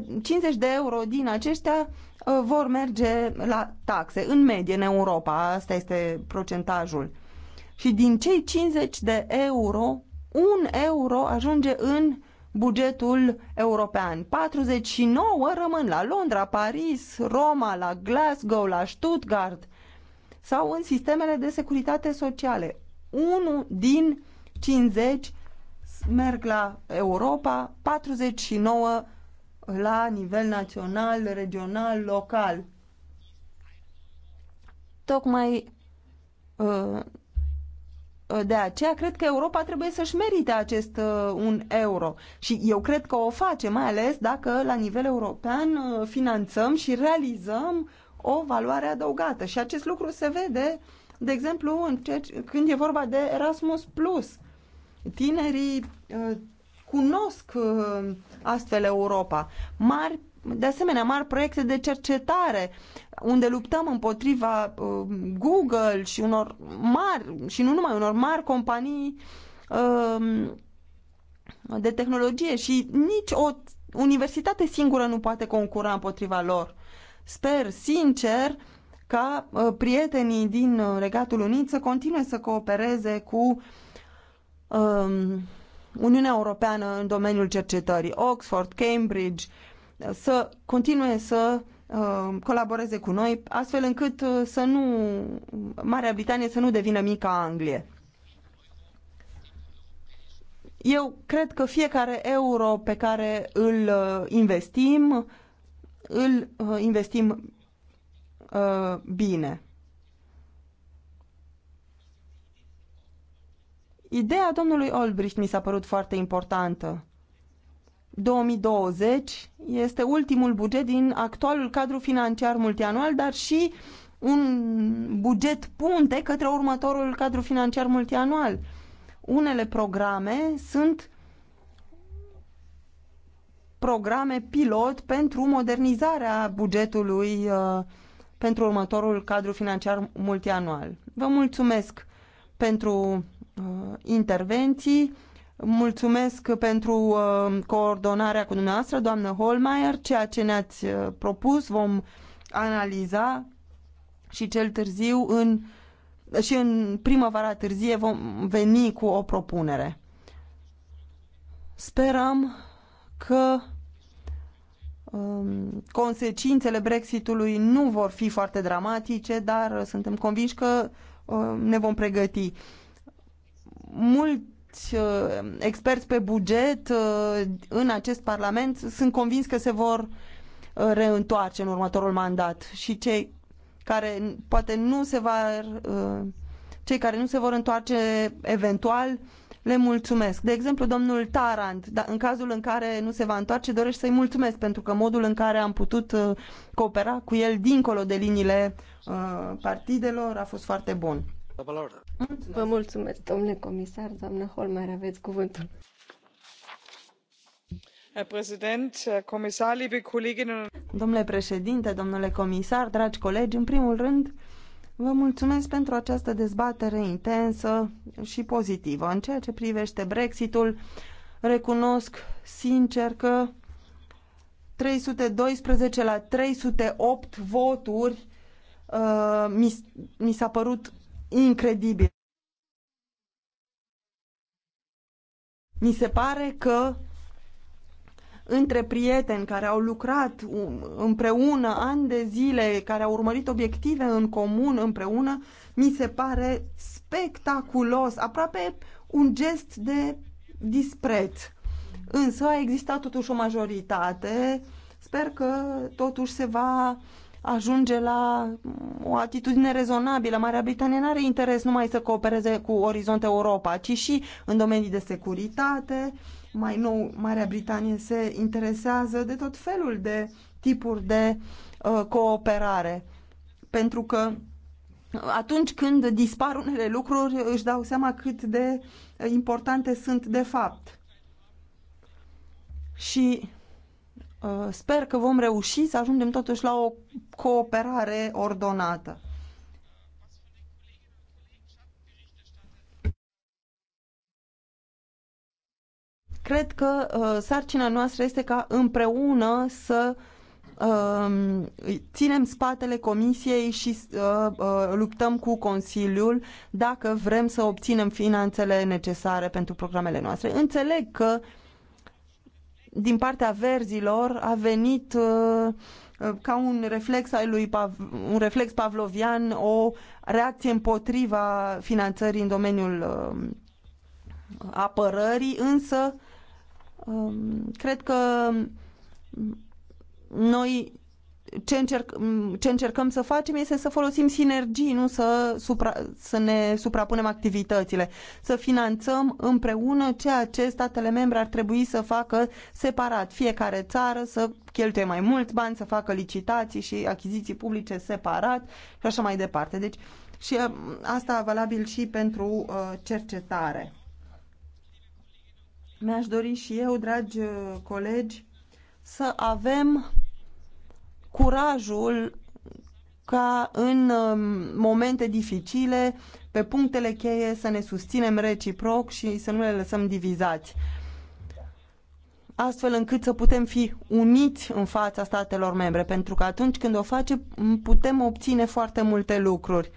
50%, 50 de euro din aceștia uh, vor merge la taxe, în medie în Europa, asta este procentajul. Și din cei 50 de euro, un euro ajunge în bugetul european. 49 rămân la Londra, Paris, Roma, la Glasgow, la Stuttgart – sau în sistemele de securitate sociale. Unu din 50 merg la Europa, 49 la nivel național, regional, local. Tocmai uh, de aceea cred că Europa trebuie să-și merite acest uh, un euro și eu cred că o face, mai ales dacă la nivel european uh, finanțăm și realizăm o valoare adăugată. Și acest lucru se vede, de exemplu, în ce, când e vorba de Erasmus+. Plus. Tinerii uh, cunosc uh, astfel Europa. Mari, de asemenea, mari proiecte de cercetare unde luptăm împotriva uh, Google și unor mari, și nu numai unor mari companii uh, de tehnologie și nici o universitate singură nu poate concura împotriva lor. Sper sincer ca uh, prietenii din uh, Regatul Unit să continue să coopereze cu um, Uniunea Europeană în domeniul cercetării, Oxford, Cambridge, uh, să continue să colaboreze cu noi, astfel încât să nu Marea Britanie să nu devină mica Anglie. Eu cred că fiecare euro pe care îl investim îl uh, investim uh, bine. Ideea domnului Olbricht mi s-a părut foarte importantă. 2020 este ultimul buget din actualul cadru financiar multianual, dar și un buget punte către următorul cadru financiar multianual. Unele programe sunt programe pilot pentru modernizarea bugetului uh, pentru următorul cadru financiar multianual. Vă mulțumesc pentru uh, intervenții, mulțumesc pentru uh, coordonarea cu dumneavoastră, doamnă Holmeier, ceea ce ne-ați propus vom analiza și cel târziu în și în primăvara târzie vom veni cu o propunere. Sperăm că um, consecințele Brexitului nu vor fi foarte dramatice, dar suntem convinși că um, ne vom pregăti. Mulți uh, experți pe buget uh, în acest Parlament sunt convins că se vor uh, reîntoarce în următorul mandat și cei care poate nu se va uh, cei care nu se vor întoarce eventual le mulțumesc. De exemplu, domnul Tarand, da, în cazul în care nu se va întoarce, doresc să-i mulțumesc pentru că modul în care am putut uh, coopera cu el dincolo de liniile uh, partidelor a fost foarte bun. Mulțumesc. Vă mulțumesc, domnule comisar, doamnă Holmer, aveți cuvântul. Comisar, liebe Kolleginnen... Domnule președinte, domnule comisar, dragi colegi, în primul rând, Vă mulțumesc pentru această dezbatere intensă și pozitivă. În ceea ce privește Brexitul, recunosc sincer că 312 la 308 voturi uh, mi, mi s-a părut incredibil. Mi se pare că între prieteni care au lucrat um, împreună ani de zile, care au urmărit obiective în comun împreună, mi se pare spectaculos, aproape un gest de dispreț. Însă a existat totuși o majoritate. Sper că totuși se va ajunge la o atitudine rezonabilă. Marea Britanie nu are interes numai să coopereze cu Orizont Europa, ci și în domenii de securitate, mai nou, Marea Britanie se interesează de tot felul de tipuri de uh, cooperare. Pentru că atunci când dispar unele lucruri, își dau seama cât de uh, importante sunt de fapt. Și uh, sper că vom reuși să ajungem totuși la o cooperare ordonată. cred că uh, sarcina noastră este ca împreună să um, ținem spatele Comisiei și uh, uh, luptăm cu Consiliul dacă vrem să obținem finanțele necesare pentru programele noastre. Înțeleg că din partea verzilor a venit uh, ca un reflex al lui Pav un reflex pavlovian o reacție împotriva finanțării în domeniul uh, apărării, însă Um, cred că noi ce, încerc, ce încercăm să facem este să folosim sinergii, nu să, supra, să ne suprapunem activitățile, să finanțăm împreună ceea ce statele membre ar trebui să facă separat. Fiecare țară să cheltuie mai mulți bani, să facă licitații și achiziții publice separat și așa mai departe. Deci, și um, asta valabil și pentru uh, cercetare. Mi-aș dori și eu, dragi uh, colegi, să avem curajul ca în um, momente dificile, pe punctele cheie, să ne susținem reciproc și să nu le lăsăm divizați astfel încât să putem fi uniți în fața statelor membre, pentru că atunci când o facem putem obține foarte multe lucruri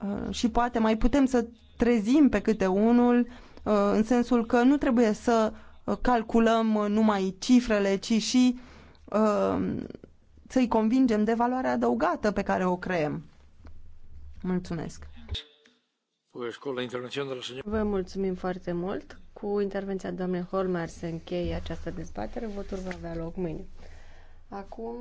uh, și poate mai putem să trezim pe câte unul Uh, în sensul că nu trebuie să uh, calculăm uh, numai cifrele, ci și să-i convingem de valoarea adăugată pe care o creăm. Mulțumesc! Vă mulțumim foarte mult. Cu intervenția doamnei Holmer se încheie această dezbatere. Votul va avea loc mâine. Acum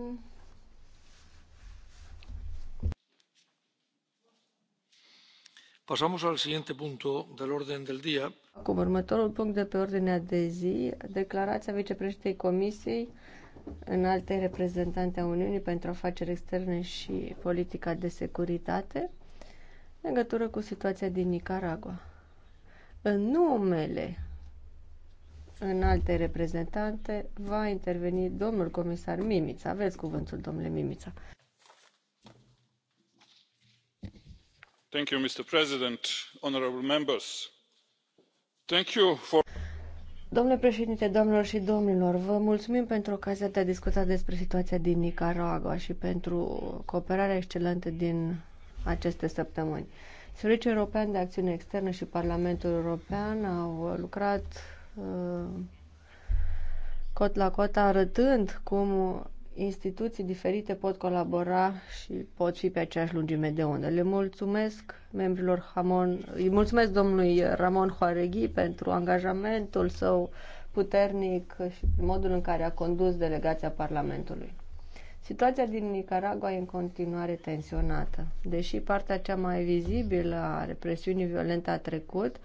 Pasamos al siguiente punto del orden del día. următorul punct de pe ordinea de zi, declarația vicepreședintei Comisiei în alte reprezentante a Uniunii pentru afaceri externe și politica de securitate în legătură cu situația din Nicaragua. În numele în alte reprezentante va interveni domnul comisar Mimița. Aveți cuvântul, domnule Mimița. domnule președinte doamnelor și domnilor vă mulțumim pentru ocazia de a discuta despre situația din nicaragua și pentru cooperarea excelentă din aceste săptămâni. serviciul european de acțiune externă și parlamentul european au lucrat uh, cot la cot arătând cum instituții diferite pot colabora și pot fi pe aceeași lungime de undă. Le mulțumesc membrilor Hamon, îi mulțumesc domnului Ramon Hoareghi pentru angajamentul său puternic și modul în care a condus delegația Parlamentului. Situația din Nicaragua e în continuare tensionată. Deși partea cea mai vizibilă a represiunii violente a trecut,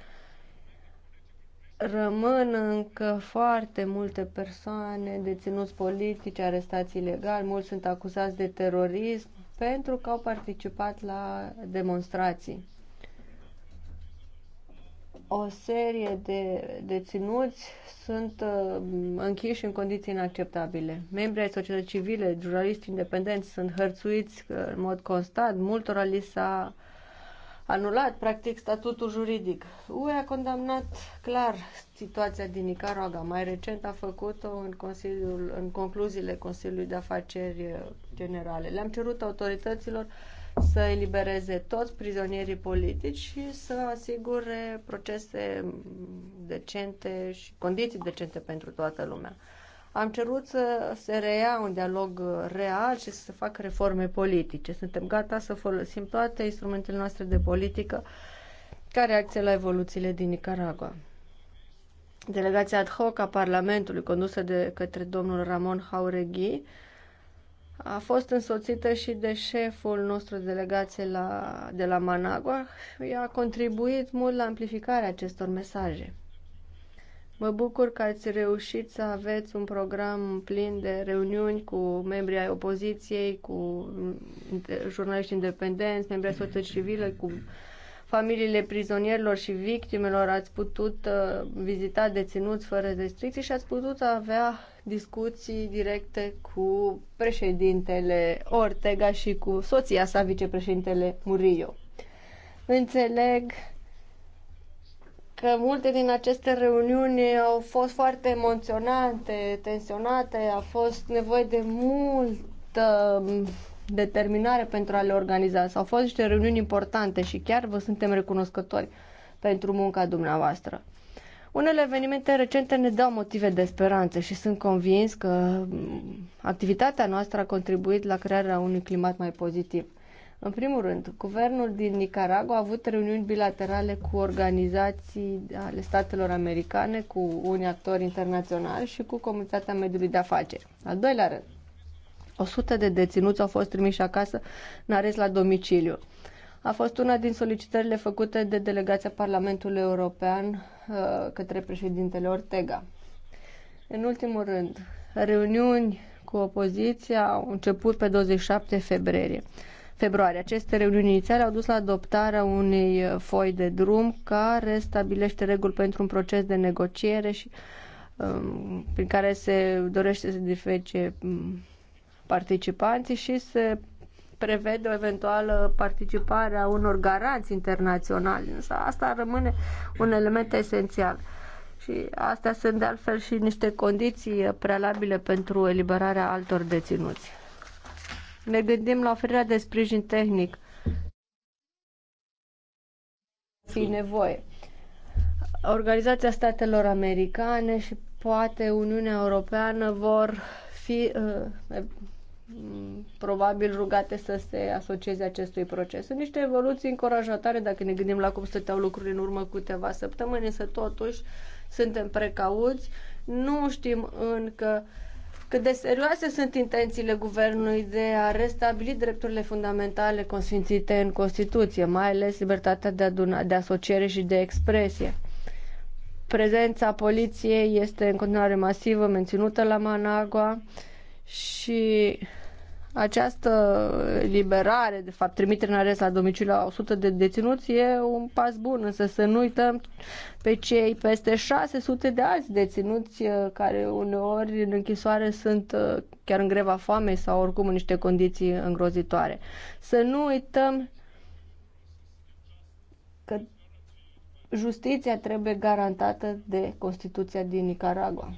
Rămân încă foarte multe persoane, deținuți politici, arestați ilegal, mulți sunt acuzați de terorism pentru că au participat la demonstrații. O serie de deținuți sunt uh, închiși în condiții inacceptabile. Membrii ai societății civile, jurnaliști independenți sunt hărțuiți uh, în mod constant, multora li s-a uh, anulat, practic, statutul juridic. UE a condamnat clar situația din Nicaragua. Mai recent a făcut-o în, consiliul, în concluziile Consiliului de Afaceri Generale. Le-am cerut autorităților să elibereze toți prizonierii politici și să asigure procese decente și condiții decente pentru toată lumea. Am cerut să se reia un dialog uh, real și să se facă reforme politice. Suntem gata să folosim toate instrumentele noastre de politică ca reacție la evoluțiile din Nicaragua. Delegația ad hoc a Parlamentului, condusă de către domnul Ramon Jauregui, a fost însoțită și de șeful nostru de delegație la, de la Managua și a contribuit mult la amplificarea acestor mesaje. Mă bucur că ați reușit să aveți un program plin de reuniuni cu membrii ai opoziției, cu jurnaliști independenți, membrii ai societății civile, cu familiile prizonierilor și victimelor. Ați putut uh, vizita deținuți fără restricții și ați putut avea discuții directe cu președintele Ortega și cu soția sa, vicepreședintele Murillo. Înțeleg că multe din aceste reuniuni au fost foarte emoționante, tensionate, a fost nevoie de multă determinare pentru a le organiza. S-au fost niște reuniuni importante și chiar vă suntem recunoscători pentru munca dumneavoastră. Unele evenimente recente ne dau motive de speranță și sunt convins că activitatea noastră a contribuit la crearea unui climat mai pozitiv. În primul rând, guvernul din Nicaragua a avut reuniuni bilaterale cu organizații ale statelor americane, cu unii actori internaționali și cu comunitatea mediului de afaceri. Al doilea rând, 100 de deținuți au fost trimiși acasă în arest la domiciliu. A fost una din solicitările făcute de delegația Parlamentului European uh, către președintele Ortega. În ultimul rând, reuniuni cu opoziția au început pe 27 februarie februarie. Aceste reuniuni inițiale au dus la adoptarea unei foi de drum care stabilește reguli pentru un proces de negociere și um, prin care se dorește să diferice um, participanții și se prevede o eventuală participare a unor garanți internaționali, însă asta rămâne un element esențial. Și astea sunt de altfel și niște condiții prealabile pentru eliberarea altor deținuți. Ne gândim la oferirea de sprijin tehnic. Fi nevoie. Organizația Statelor Americane și poate Uniunea Europeană vor fi uh, probabil rugate să se asocieze acestui proces. Sunt niște evoluții încurajatoare dacă ne gândim la cum stăteau lucrurile în urmă câteva săptămâni, însă totuși suntem precauți, nu știm încă uh, cât de serioase sunt intențiile guvernului de a restabili drepturile fundamentale consfințite în Constituție, mai ales libertatea de, aduna, de asociere și de expresie. Prezența poliției este în continuare masivă, menținută la Managua și această liberare, de fapt trimitere în arest la domiciliu la 100 de deținuți e un pas bun, însă să nu uităm pe cei peste 600 de alți deținuți uh, care uneori în închisoare sunt uh, chiar în greva foamei sau oricum în niște condiții îngrozitoare. Să nu uităm că justiția trebuie garantată de Constituția din Nicaragua.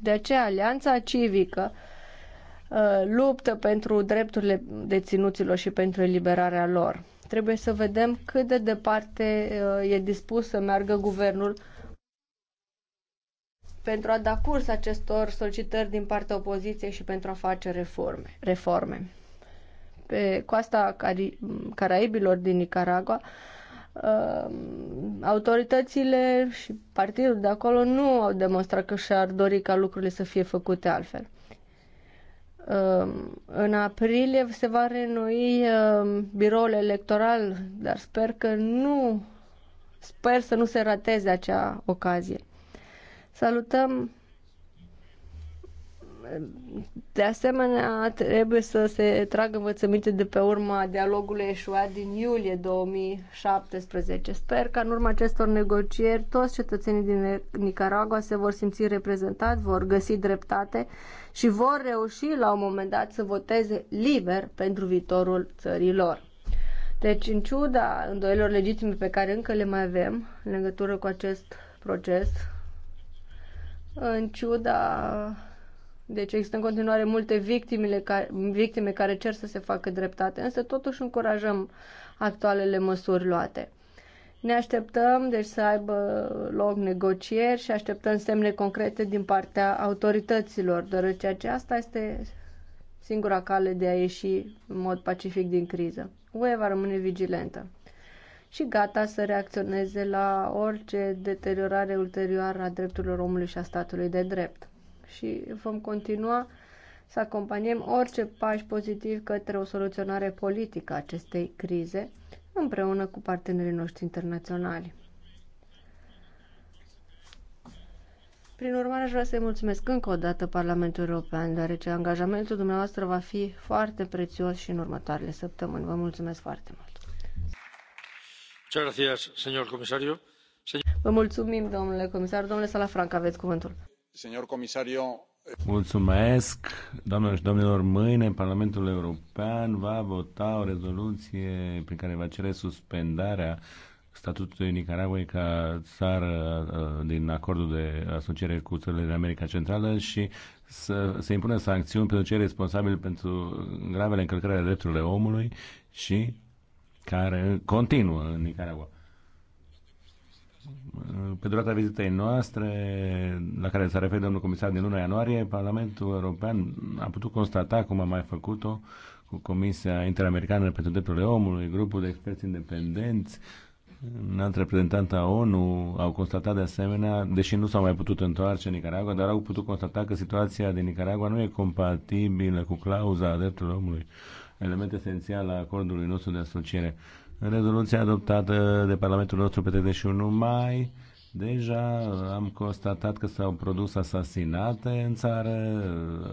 De aceea, Alianța Civică Uh, luptă pentru drepturile deținuților și pentru eliberarea lor. Trebuie să vedem cât de departe uh, e dispus să meargă guvernul pentru a da curs acestor solicitări din partea opoziției și pentru a face reforme. reforme. Pe coasta Cari- Caraibilor din Nicaragua, uh, autoritățile și partidul de acolo nu au demonstrat că și-ar dori ca lucrurile să fie făcute altfel. Um, în aprilie se va renoi um, biroul electoral, dar sper că nu, sper să nu se rateze acea ocazie. Salutăm de asemenea, trebuie să se tragă învățăminte de pe urma dialogului eșuat din iulie 2017. Sper că în urma acestor negocieri toți cetățenii din Nicaragua se vor simți reprezentați, vor găsi dreptate și vor reuși la un moment dat să voteze liber pentru viitorul țărilor. Deci, în ciuda îndoielor legitime pe care încă le mai avem în legătură cu acest proces, în ciuda... Deci există în continuare multe victimele care, victime care cer să se facă dreptate, însă totuși încurajăm actualele măsuri luate. Ne așteptăm deci să aibă loc negocieri și așteptăm semne concrete din partea autorităților, deoarece aceasta este singura cale de a ieși în mod pacific din criză. UE va rămâne vigilentă și gata să reacționeze la orice deteriorare ulterioară a drepturilor omului și a statului de drept. Și vom continua să acompaniem orice pași pozitiv către o soluționare politică a acestei crize, împreună cu partenerii noștri internaționali. Prin urmare, aș vrea să-i mulțumesc încă o dată Parlamentul European, deoarece angajamentul dumneavoastră va fi foarte prețios și în următoarele săptămâni. Vă mulțumesc foarte mult! Vă mulțumim, domnule comisar. Domnule Salafranca, aveți cuvântul. Señor comisario, Mulțumesc, doamnelor și domnilor. Mâine Parlamentul European va vota o rezoluție prin care va cere suspendarea statutului Nicaraguay ca țară uh, din acordul de asociere cu țările din America Centrală și să se impună sancțiuni pentru cei responsabili pentru gravele încălcări ale drepturilor omului și care continuă în Nicaragua pe durata vizitei noastre, la care s-a referit domnul comisar din luna ianuarie, Parlamentul European a putut constata, cum a mai făcut-o, cu Comisia Interamericană pentru Drepturile Omului, grupul de experți independenți, alt reprezentant a ONU, au constatat de asemenea, deși nu s-au mai putut întoarce în Nicaragua, dar au putut constata că situația din Nicaragua nu e compatibilă cu clauza drepturilor omului, element esențial al acordului nostru de asociere. Rezoluția adoptată de Parlamentul nostru pe 31 mai Deja am constatat că s-au produs asasinate în țară,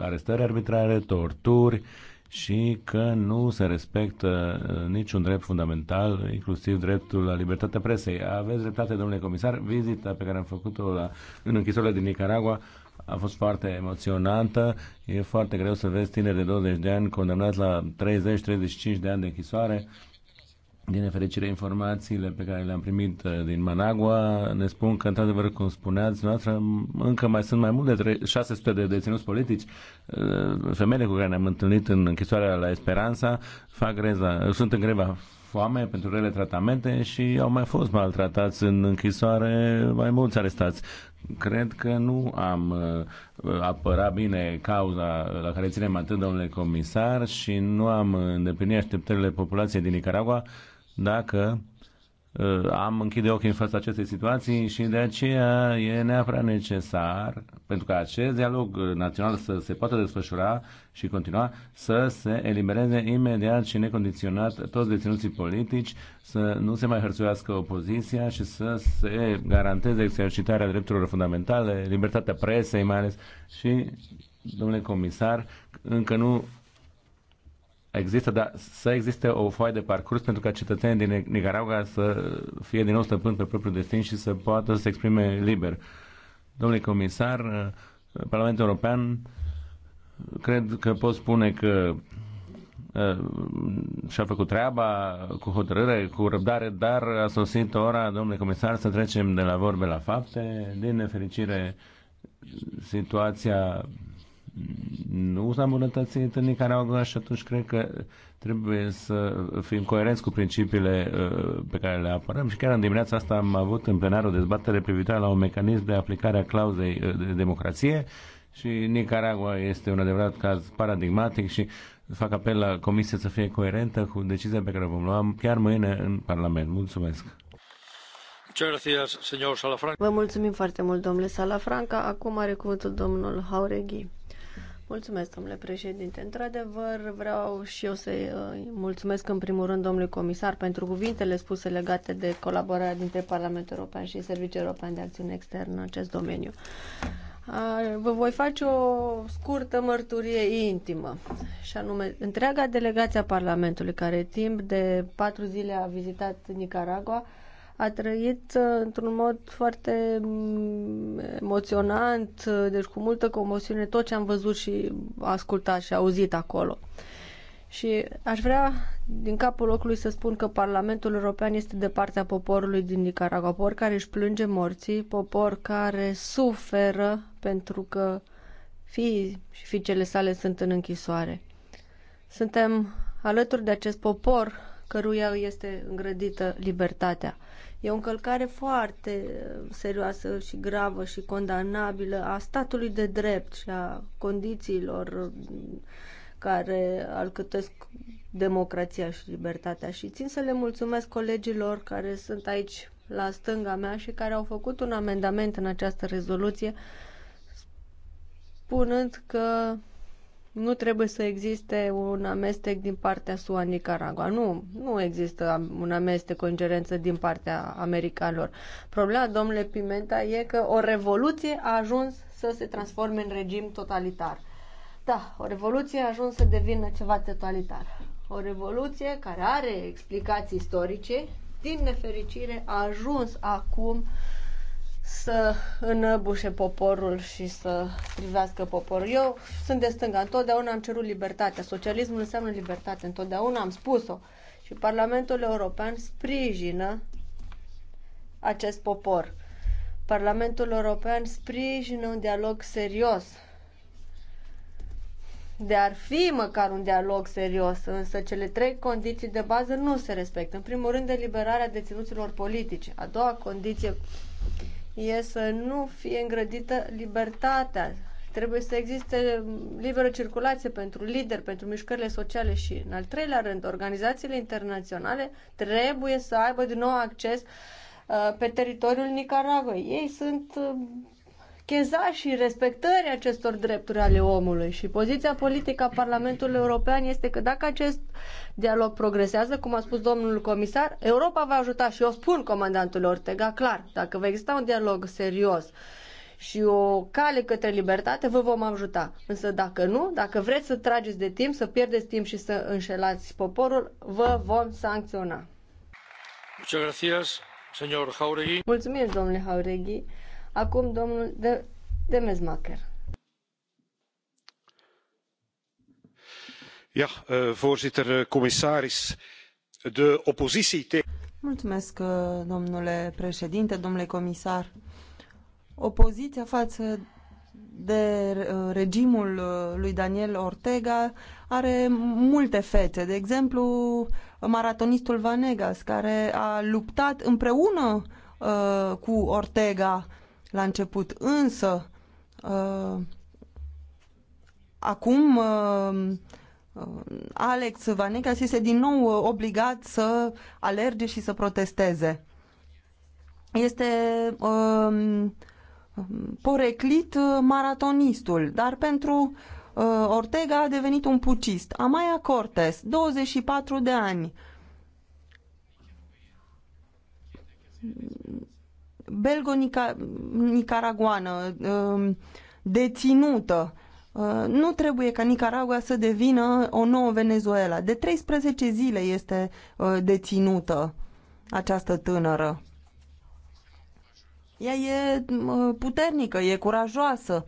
arestări arbitrare, torturi și că nu se respectă uh, niciun drept fundamental, inclusiv dreptul la libertatea presei. Aveți dreptate, domnule comisar, vizita pe care am făcut-o la, în închisorile din Nicaragua a fost foarte emoționantă. E foarte greu să vezi tineri de 20 de ani condamnați la 30-35 de ani de închisoare din nefericire, informațiile pe care le-am primit uh, din Managua ne spun că, într-adevăr, cum spuneați noastră, încă mai sunt mai mult de 600 de deținuți politici. Uh, femeile cu care ne-am întâlnit în închisoarea la Esperanța fac greza, sunt în greva foame pentru rele tratamente și au mai fost maltratați în închisoare mai mulți arestați. Cred că nu am uh, apărat bine cauza la care ținem atât, domnule comisar, și nu am îndeplinit așteptările populației din Nicaragua dacă uh, am închide ochii în fața acestei situații și de aceea e neapărat necesar, pentru ca acest dialog național să se poată desfășura și continua, să se elibereze imediat și necondiționat toți deținuții politici, să nu se mai hărțuiască opoziția și să se garanteze exercitarea drepturilor fundamentale, libertatea presei mai ales și, domnule comisar, încă nu există, dar să existe o foaie de parcurs pentru ca cetățenii din Nicaragua să fie din nou stăpân pe propriul destin și să poată să se exprime liber. Domnule comisar, Parlamentul European cred că pot spune că ă, și-a făcut treaba cu hotărâre, cu răbdare, dar a sosit ora, domnule comisar, să trecem de la vorbe la fapte. Din nefericire, situația nu s-a îmbunătățit în Nicaragua și atunci cred că trebuie să fim coerenți cu principiile uh, pe care le apărăm și chiar în dimineața asta am avut în plenar o dezbatere privitoare la un mecanism de aplicare a clauzei uh, de democrație și Nicaragua este un adevărat caz paradigmatic și fac apel la Comisie să fie coerentă cu decizia pe care o vom lua chiar mâine în Parlament. Mulțumesc! Vă mulțumim foarte mult, domnule Salafranca. Acum are cuvântul domnul Haureghi. Mulțumesc, domnule președinte. Într-adevăr, vreau și eu să-i uh, mulțumesc în primul rând domnului comisar pentru cuvintele spuse legate de colaborarea dintre Parlamentul European și Serviciul European de Acțiune Externă în acest domeniu. Vă voi face o scurtă mărturie intimă, și anume, întreaga delegație a Parlamentului, care timp de patru zile a vizitat Nicaragua, a trăit uh, într-un mod foarte mm, emoționant, uh, deci cu multă comosiune, tot ce am văzut și ascultat și auzit acolo. Și aș vrea din capul locului să spun că Parlamentul European este de partea poporului din Nicaragua, popor care își plânge morții, popor care suferă pentru că fiii și fiicele sale sunt în închisoare. Suntem alături de acest popor căruia îi este îngrădită libertatea. E o încălcare foarte uh, serioasă și gravă și condamnabilă a statului de drept și a condițiilor uh, care alcătesc democrația și libertatea. Și țin să le mulțumesc colegilor care sunt aici la stânga mea și care au făcut un amendament în această rezoluție spunând că nu trebuie să existe un amestec din partea SUA Nicaragua. Nu, nu există un amestec, o ingerență din partea americanilor. Problema, domnule Pimenta, e că o revoluție a ajuns să se transforme în regim totalitar. Da, o revoluție a ajuns să devină ceva totalitar. O revoluție care are explicații istorice, din nefericire, a ajuns acum uh, să înăbușe poporul și să privească poporul. Eu sunt de stânga, întotdeauna am cerut libertatea. Socialismul înseamnă libertate, întotdeauna am spus-o. Și Parlamentul European sprijină acest popor. Parlamentul European sprijină un dialog serios. De ar fi măcar un dialog serios, însă cele trei condiții de bază nu se respectă. În primul rând, eliberarea deținuților politici. A doua condiție e să nu fie îngrădită libertatea. Trebuie să existe liberă circulație pentru lideri, pentru mișcările sociale și, în al treilea rând, organizațiile internaționale trebuie să aibă din nou acces uh, pe teritoriul Nicaragua. Ei sunt uh, cheza și respectării acestor drepturi ale omului. Și poziția politică a Parlamentului European este că dacă acest dialog progresează, cum a spus domnul comisar, Europa va ajuta și eu spun comandantul Ortega clar, dacă va exista un dialog serios și o cale către libertate, vă vom ajuta. Însă dacă nu, dacă vreți să trageți de timp, să pierdeți timp și să înșelați poporul, vă vom sancționa. Mulțumesc, domnule Haureghi. Acum domnul de Demesmacher. Ja, eh, voorzitter, eh, commissaris. De oppositie tegen. Mulțumesc, eh, domnule președinte, domnule comisar. Opoziția față de regimul lui Daniel Ortega are multe fețe. De exemplu, maratonistul Vanegas, care a luptat împreună uh, cu Ortega la început, însă uh, acum uh, uh, Alex Vanegas este din nou obligat să alerge și să protesteze. Este poreclit maratonistul, dar pentru Ortega a devenit un pucist. Amaya Cortes, 24 de ani belgo-nicaraguană um, deținută. Uh, nu trebuie ca Nicaragua să devină o nouă Venezuela. De 13 zile este uh, deținută această tânără. Ea e uh, puternică, e curajoasă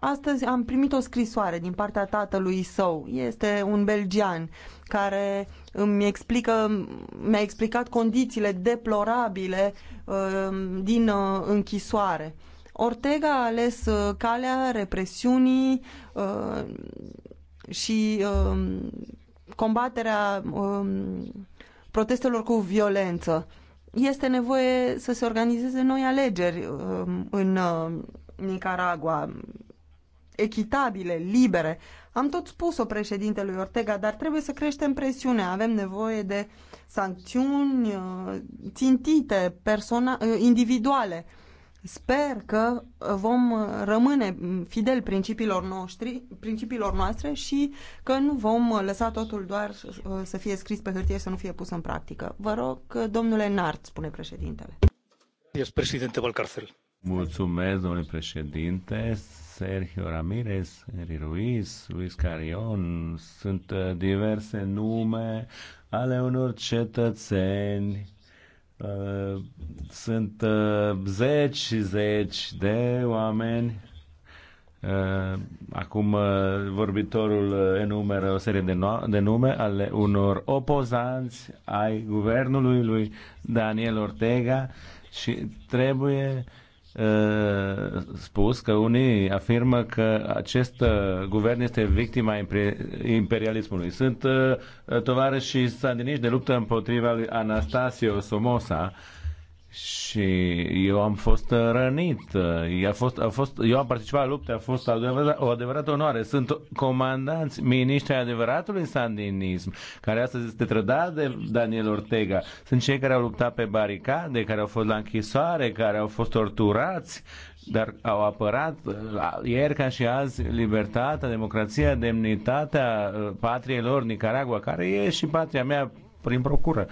Astăzi am primit o scrisoare din partea tatălui său. Este un belgian care îmi explică, mi-a explicat condițiile deplorabile uh, din uh, închisoare. Ortega a ales uh, calea represiunii uh, și uh, combaterea uh, protestelor cu violență. Este nevoie să se organizeze noi alegeri uh, în uh, Nicaragua echitabile, libere. Am tot spus-o președintelui Ortega, dar trebuie să creștem presiunea. Avem nevoie de sancțiuni uh, țintite, persona, uh, individuale. Sper că vom uh, rămâne fidel principiilor, noștri, principiilor noastre și că nu vom lăsa totul doar să fie scris pe hârtie, să nu fie pus în practică. Vă rog, domnule Nart, spune președintele. Ești președinte Valcarcel. Mulțumesc, domnule președinte. Sergio Ramirez, Eri Ruiz, Luis Carion, sunt uh, diverse nume ale unor cetățeni uh, sunt uh, zeci și zeci de oameni. Acum vorbitorul enumeră o serie de, de nume ale unor opozanți ai guvernului lui Daniel Ortega și trebuie uh, Uh, spus că unii afirmă că acest uh, guvern este victima imperialismului. Sunt uh, tovarăși și sandiniști de luptă împotriva lui Anastasio Somoza, și eu am fost rănit. A fost, a fost, eu am participat la lupte, a fost adevărat, o adevărată onoare. Sunt comandanți, miniștri ai adevăratului sandinism, care astăzi este trădat de Daniel Ortega. Sunt cei care au luptat pe baricade, care au fost la închisoare, care au fost torturați, dar au apărat ieri ca și azi libertatea, democrația, demnitatea uh, patriei lor, Nicaragua, care e și patria mea prin procură.